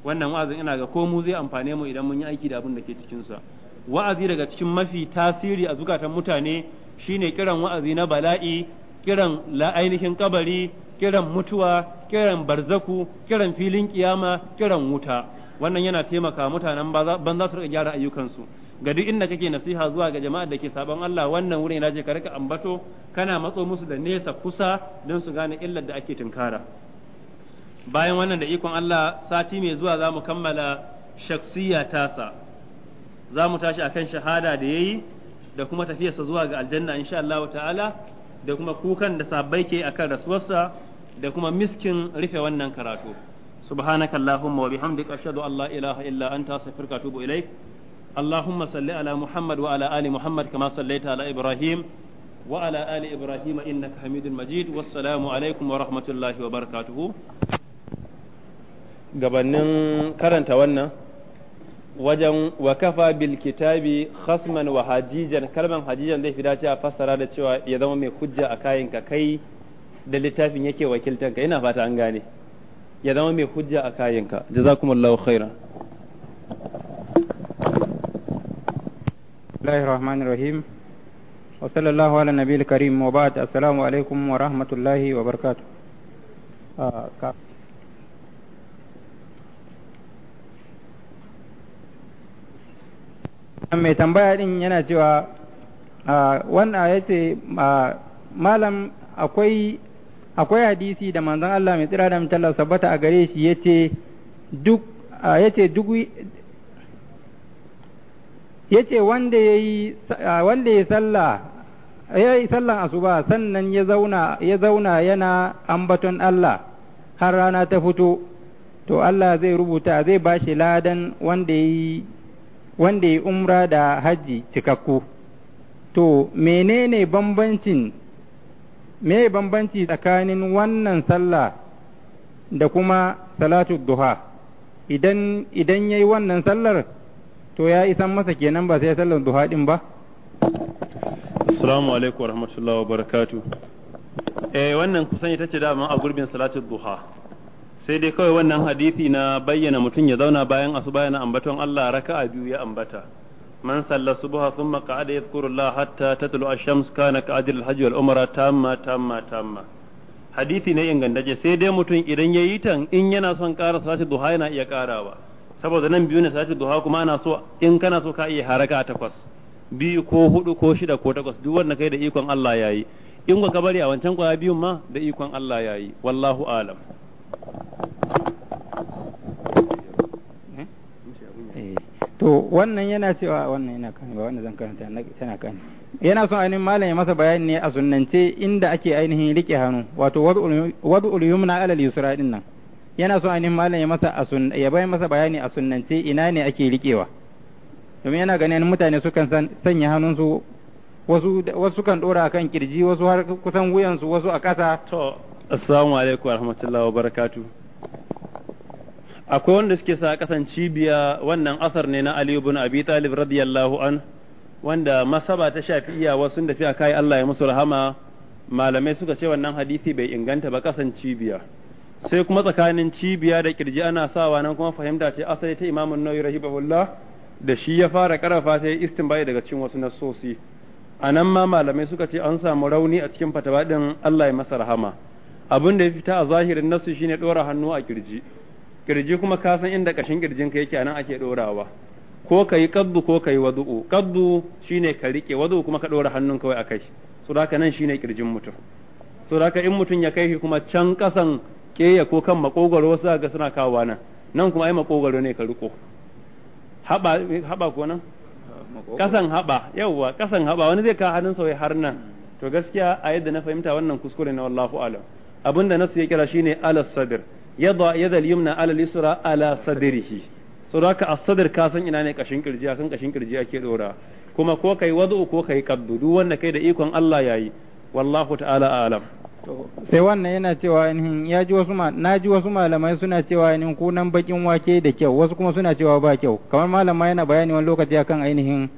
wannan wa'azin ina ga komu zai amfane mu idan mun yi aiki da abin da ke cikin sa wa'azi daga cikin mafi tasiri a zukatan mutane shine kiran wa'azi na bala'i kiran la kabari kiran mutuwa kiran barzaku kiran filin kiyama kiran wuta wannan yana taimaka mutanen banza su rika gyara ayyukansu ga duk inda kake nasiha zuwa ga jama'ar da ke sabon Allah wannan wurin yana je ka rika ambato kana matso musu da nesa kusa don su gane illar da ake tunkara bayan wannan da ikon Allah sati mai zuwa za mu kammala shaksiya tasa za mu tashi akan shahada da yayi da kuma tafiyarsa zuwa ga aljanna insha Allah ta'ala da kuma kukan da sabbai ke akan rasuwarsa da kuma miskin rufe wannan karatu subhanakallahumma wa bihamdika ashhadu an la ilaha illa anta astaghfiruka wa atubu ilaik اللهم صل على محمد وعلى آل محمد كما صليت على إبراهيم وعلى آل إبراهيم إنك حميد مجيد والسلام عليكم ورحمة الله وبركاته gabanin karanta wannan wajen wakafa bil kitabi wa hajijan kalman hajijan zai fi dace a fassara da cewa ya zama mai hujja a kayan kai da littafin yake wakiltanka ina fata an gane ya zama mai hujja a kayanka ka jazakumullahu khairan الله الرحمن الرحيم وصلى الله على النبي الكريم وبعد السلام عليكم ورحمة الله وبركاته mai tambaya din yana cewa uh, wannan ya ce uh, malam akwai hadisi da manzon Allah mai tsira da mutallar sabbata a gare shi ya ce duk uh, Ya ce wanda ya yi sallan asuba sannan ya zauna yana ambaton Allah har rana ta fito to Allah zai rubuta zai ba shi ladan wanda ya yi umra da hajji cikakku to menene bambancin me bambanci tsakanin wannan sallah da kuma salatu duha idan idan yayi wannan sallar to ya isan masa kenan ba sai ya sallar duha din ba assalamu alaikum warahmatullahi wabarakatuh eh wannan kusan ita ce dama a gurbin salatul duha sai dai kawai wannan hadisi na bayyana mutum ya zauna bayan asuba yana ambaton Allah raka'a biyu ya ambata man salla subha thumma qa'ada yadhkurullah hatta tatlu ash-shams kana ka'adil hajj wal umra tamma tamma tamma hadisi ne ingantace sai dai mutum idan yayi tan in yana son ƙara salatul duha yana iya ƙarawa saboda nan biyu ne salatu duha kuma ana so in kana so ka iya haraka a takwas biyu ko hudu ko shida ko takwas duk wanda kai da ikon Allah yayi in ka bari a wancan kwaya biyun ma da ikon Allah yayi wallahu alam eh, to wannan yana cewa wannan yana kan ba wannan zan karanta tana kan yana son ainihin malam ya masa bayani ne a sunnance inda ake ainihin rike hannu wato wad'ul yumna alal yusra din nan yana so ainihin malam ya masa ya bai masa bayani a sunnance ina ne ake rikewa domin yana ganin mutane sukan sanya hannunsu wasu wasu sukan dora akan kirji wasu har kusan wuyansu wasu a ƙasa to assalamu alaikum warahmatullahi wabarakatuh akwai wanda suke sa kasan cibiya wannan asar ne na Ali ibn Abi Talib radiyallahu an wanda masaba ta shafi'iya wasu da fi kai Allah ya musu rahama malamai suka ce wannan hadisi bai inganta ba kasan cibiya sai kuma tsakanin cibiya da kirji ana sawa nan kuma fahimta ce asali ta imamun nawawi rahimahullah da shi ya fara karafa sai istinbai daga cikin wasu nasosi a nan ma malamai suka ce an samu rauni a cikin fatawa din Allah ya masa rahama abin da ya fita a zahirin shi shine dora hannu a kirji kirji kuma ka san inda kashin kirjin ka yake nan ake dorawa ko kai kaddu ko kai wadu'u kaddu shine ka rike wadu'u kuma ka dora hannun kawai akai su haka nan shine kirjin mutum so haka in mutum ya kai kuma can kasan keya ko kan makogwaro wasu ga suna kawo nan nan kuma ai makogwaro ne ka riko haba haba ko nan kasan haba yawwa kasan haba wani zai ka hannun sauye har nan to gaskiya a yadda na fahimta wannan kuskure na wallahu alam abinda nasu ya kira shine ala sadr yadda yadda yumna ala lisra ala sadrihi so haka as-sadr ka san ina ne kashin kirji akan kashin kirji ake dora kuma ko kai wadu ko kai kaddu duk wanda kai da ikon Allah yayi wallahu ta'ala alam sai wannan yana cewa ainihin ya ji wasu na ji wasu malamai suna cewa ainihin kunan bakin wake da kyau wasu kuma suna cewa ba kyau kamar malama yana bayani wani lokaci akan ainihin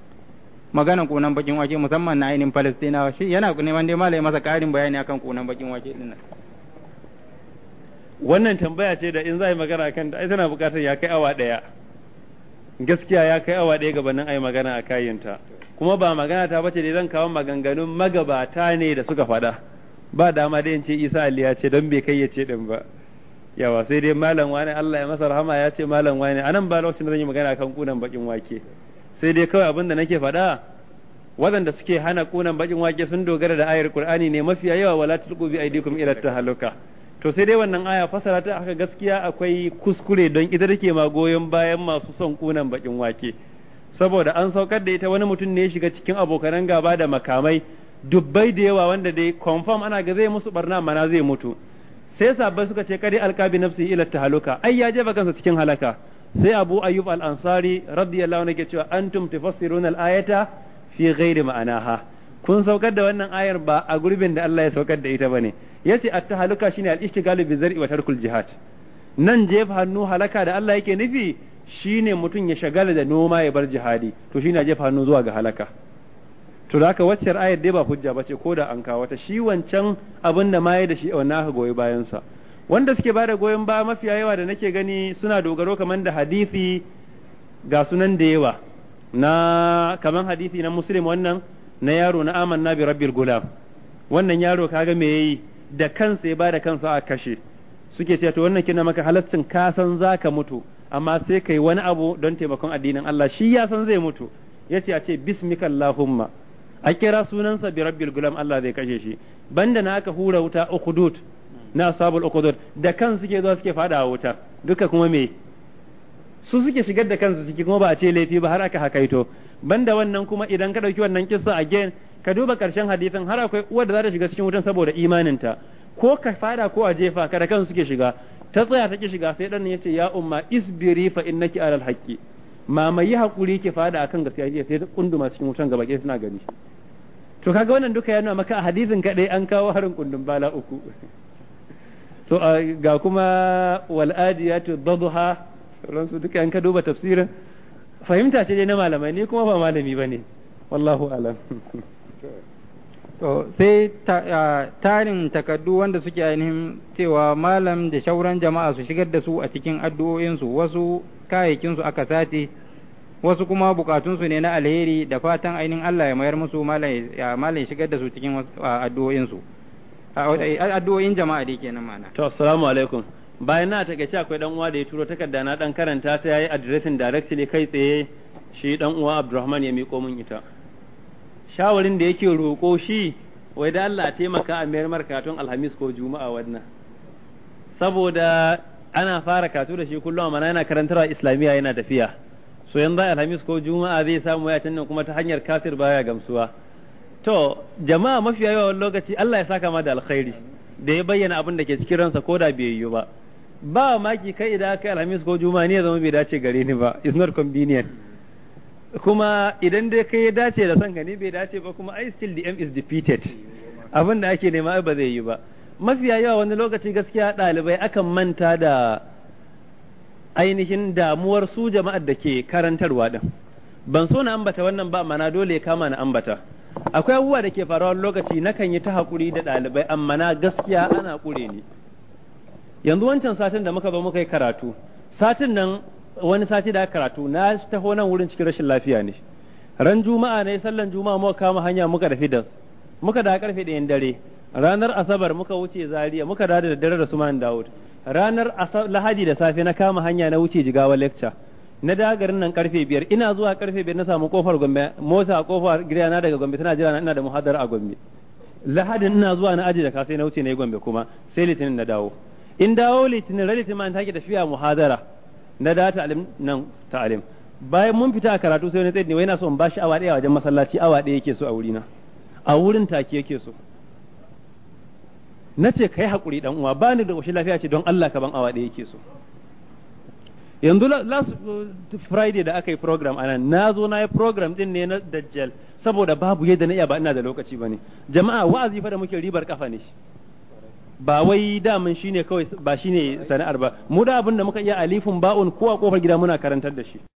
magana kunan bakin wake musamman na ainihin Falastinawa shi yana neman dai malai masa karin bayani akan kunan bakin wake din wannan tambaya ce da in za yi magana akan da ai tana bukatar ya kai awa daya gaskiya ya kai awa daya gabanin ai magana a kayinta kuma ba magana ta bace dai zan kawo maganganun magabata ne da suka faɗa ba dama da in ce Isa Ali ya ce don bai kai ya ce din ba yawa sai dai malam wani Allah ya masa rahama ya ce malam wani anan ba lokacin da zan yi magana kan kunan bakin wake sai dai kawai abin da nake faɗa waɗanda suke hana kunan bakin wake sun dogara da ayar Qur'ani ne mafiya yawa wala tulqu bi aidikum ila tahaluka to sai dai wannan aya fasara ta aka gaskiya akwai kuskure don ita take ma goyon bayan masu son kunan bakin wake saboda an saukar da ita wani mutum ne ya shiga cikin abokanan gaba da makamai dubbai da yawa wanda dai confirm ana ga zai musu barna mana zai mutu sai sabbai suka ce kadi alqabi nafsi ila tahaluka ai ya jefa kansa cikin halaka sai Abu Ayyub al-Ansari radiyallahu anhu ke cewa antum tufassiruna al-ayata fi ghairi ma'anaha kun saukar da wannan ayar ba a gurbin da Allah ya saukar da ita bane yace at-tahaluka shine al-ishtigalu bi zar'i wa tarkul jihad nan jefa hannu halaka da Allah yake nufi shine mutum ya shagala da noma ya bar jihadi to shine jefa hannu zuwa ga halaka to da haka waccar ayar dai ba hujja ba ce ko da an kawo ta shi wancan abin da maye da shi a wannan aka goyi bayansa wanda suke ba da goyon ba mafiya yawa da nake gani suna dogaro kamar da hadisi ga sunan da yawa na kamar hadisi na muslim wannan na yaro na amanna bi rabbil gulam wannan yaro kaga me yayi da kansa ya bada kansa a kashe suke cewa to wannan kina maka halaccin ka san zaka mutu amma sai kai wani abu don taimakon addinin Allah shi ya san zai mutu yace a ce bismikallahumma a kira sunansa bi rabbil gulam Allah zai kashe shi banda na aka hura wuta ukhdud na sabul ukhdud da kan suke zuwa suke fada wuta duka kuma me su suke shigar da kansu ciki kuma ba a ce laifi ba har aka hakaito banda wannan kuma idan ka dauki wannan kissa again ka duba karshen hadisin har akwai uwar da za ta shiga cikin wutan saboda imaninta ko ka fada ko a jefa ka da kansu suke shiga ta tsaya ta ki shiga sai dan ya ce ya umma isbiri fa innaki alal haqqi mamayi hakuri ke fada akan gaskiya sai ta kunduma cikin wutan gaba ke suna gani to kaga wannan duka ya nuna maka a hadisin kadai an kawo harin kundin bala uku so ga kuma wal adiyatu dadha sauransu duka an ka duba tafsirin fahimta ce dai na malamai ni kuma ba malami bane wallahu alam to sai tarin takaddu wanda suke ainihin cewa malam da shauran jama'a su shigar da su a cikin addu'o'insu wasu kayayyakinsu aka sace wasu kuma bukatunsu ne na alheri da fatan ainihin Allah ya mayar musu malai shigar da su cikin addu'o'insu addu'o'in jama'a dai kenan mana to assalamu alaikum bayan na ce akwai dan uwa da ya turo takarda na dan karanta ta yayi addressing directly kai tsaye shi dan uwa Abdulrahman ya miko min ita shawarin da yake roƙo shi wai da Allah taimaka a mayar markatun Alhamis ko Juma'a wannan saboda ana fara katu da shi kullum amma yana karantarwa Islamiyya yana tafiya so yanzu alhamis ko juma'a zai samu ya canza kuma ta hanyar kasir baya gamsuwa to jama'a mafi yawa lokaci Allah ya saka ma da alkhairi da ya bayyana abin da ke cikin ransa ko da bai yiwu ba ba maki kai idan aka alhamis ko juma'a ne ya zama bai dace gare ni ba is not convenient kuma idan dai kai ya dace da san gani bai dace ba kuma I still the M is defeated abin da ake nema ba zai yi ba mafi yawa wani lokaci gaskiya ɗalibai akan manta da ainihin damuwar su jama'ar da ke karantarwa din ban so na ambata wannan ba mana dole ya kama na ambata akwai abubuwa da ke faruwa lokaci na kan yi ta haƙuri da ɗalibai amma na gaskiya ana ƙure ni yanzu wancan satin da muka ba muka yi karatu satin nan wani sati da karatu na taho nan wurin cikin rashin lafiya ne ran juma'a ne sallan juma'a muka kama hanya muka da fidas muka da karfe ɗayan dare ranar asabar muka wuce zaria muka da da dare da suman dawud ranar lahadi da safe na kama hanya na wuce jigawa lecture na dagarin garin nan karfe biyar ina zuwa karfe biyar na samu kofar gombe mota kofar na daga gombe tana jira na ina da muhadara a gombe lahadin ina zuwa na aji da ka sai na wuce na yi gombe kuma sai litinin na dawo in dawo litinin ran litinin ma take tafiya muhadara na da ta'alim nan ta'alim bayan mun fita a karatu sai wani tsaye ne wai na so in bashi awa ɗaya wajen masallaci awa ɗaya yake so a wurina a wurin take yake so na ce yi hakuri dan uwa ba ni da ƙoshin lafiya ce don Allah ka ban awa ɗaya yake so yanzu last uh, friday da aka yi program anan na zo na yi program din ne na dajjal saboda babu yadda na iya ba ina da lokaci bane jama'a wa'azi fa da muke ribar kafa ne ba wai mun shine kawai ba shine sana'ar ba mu da abin da muka iya alifun ba'un ko a kofar gida muna karantar da shi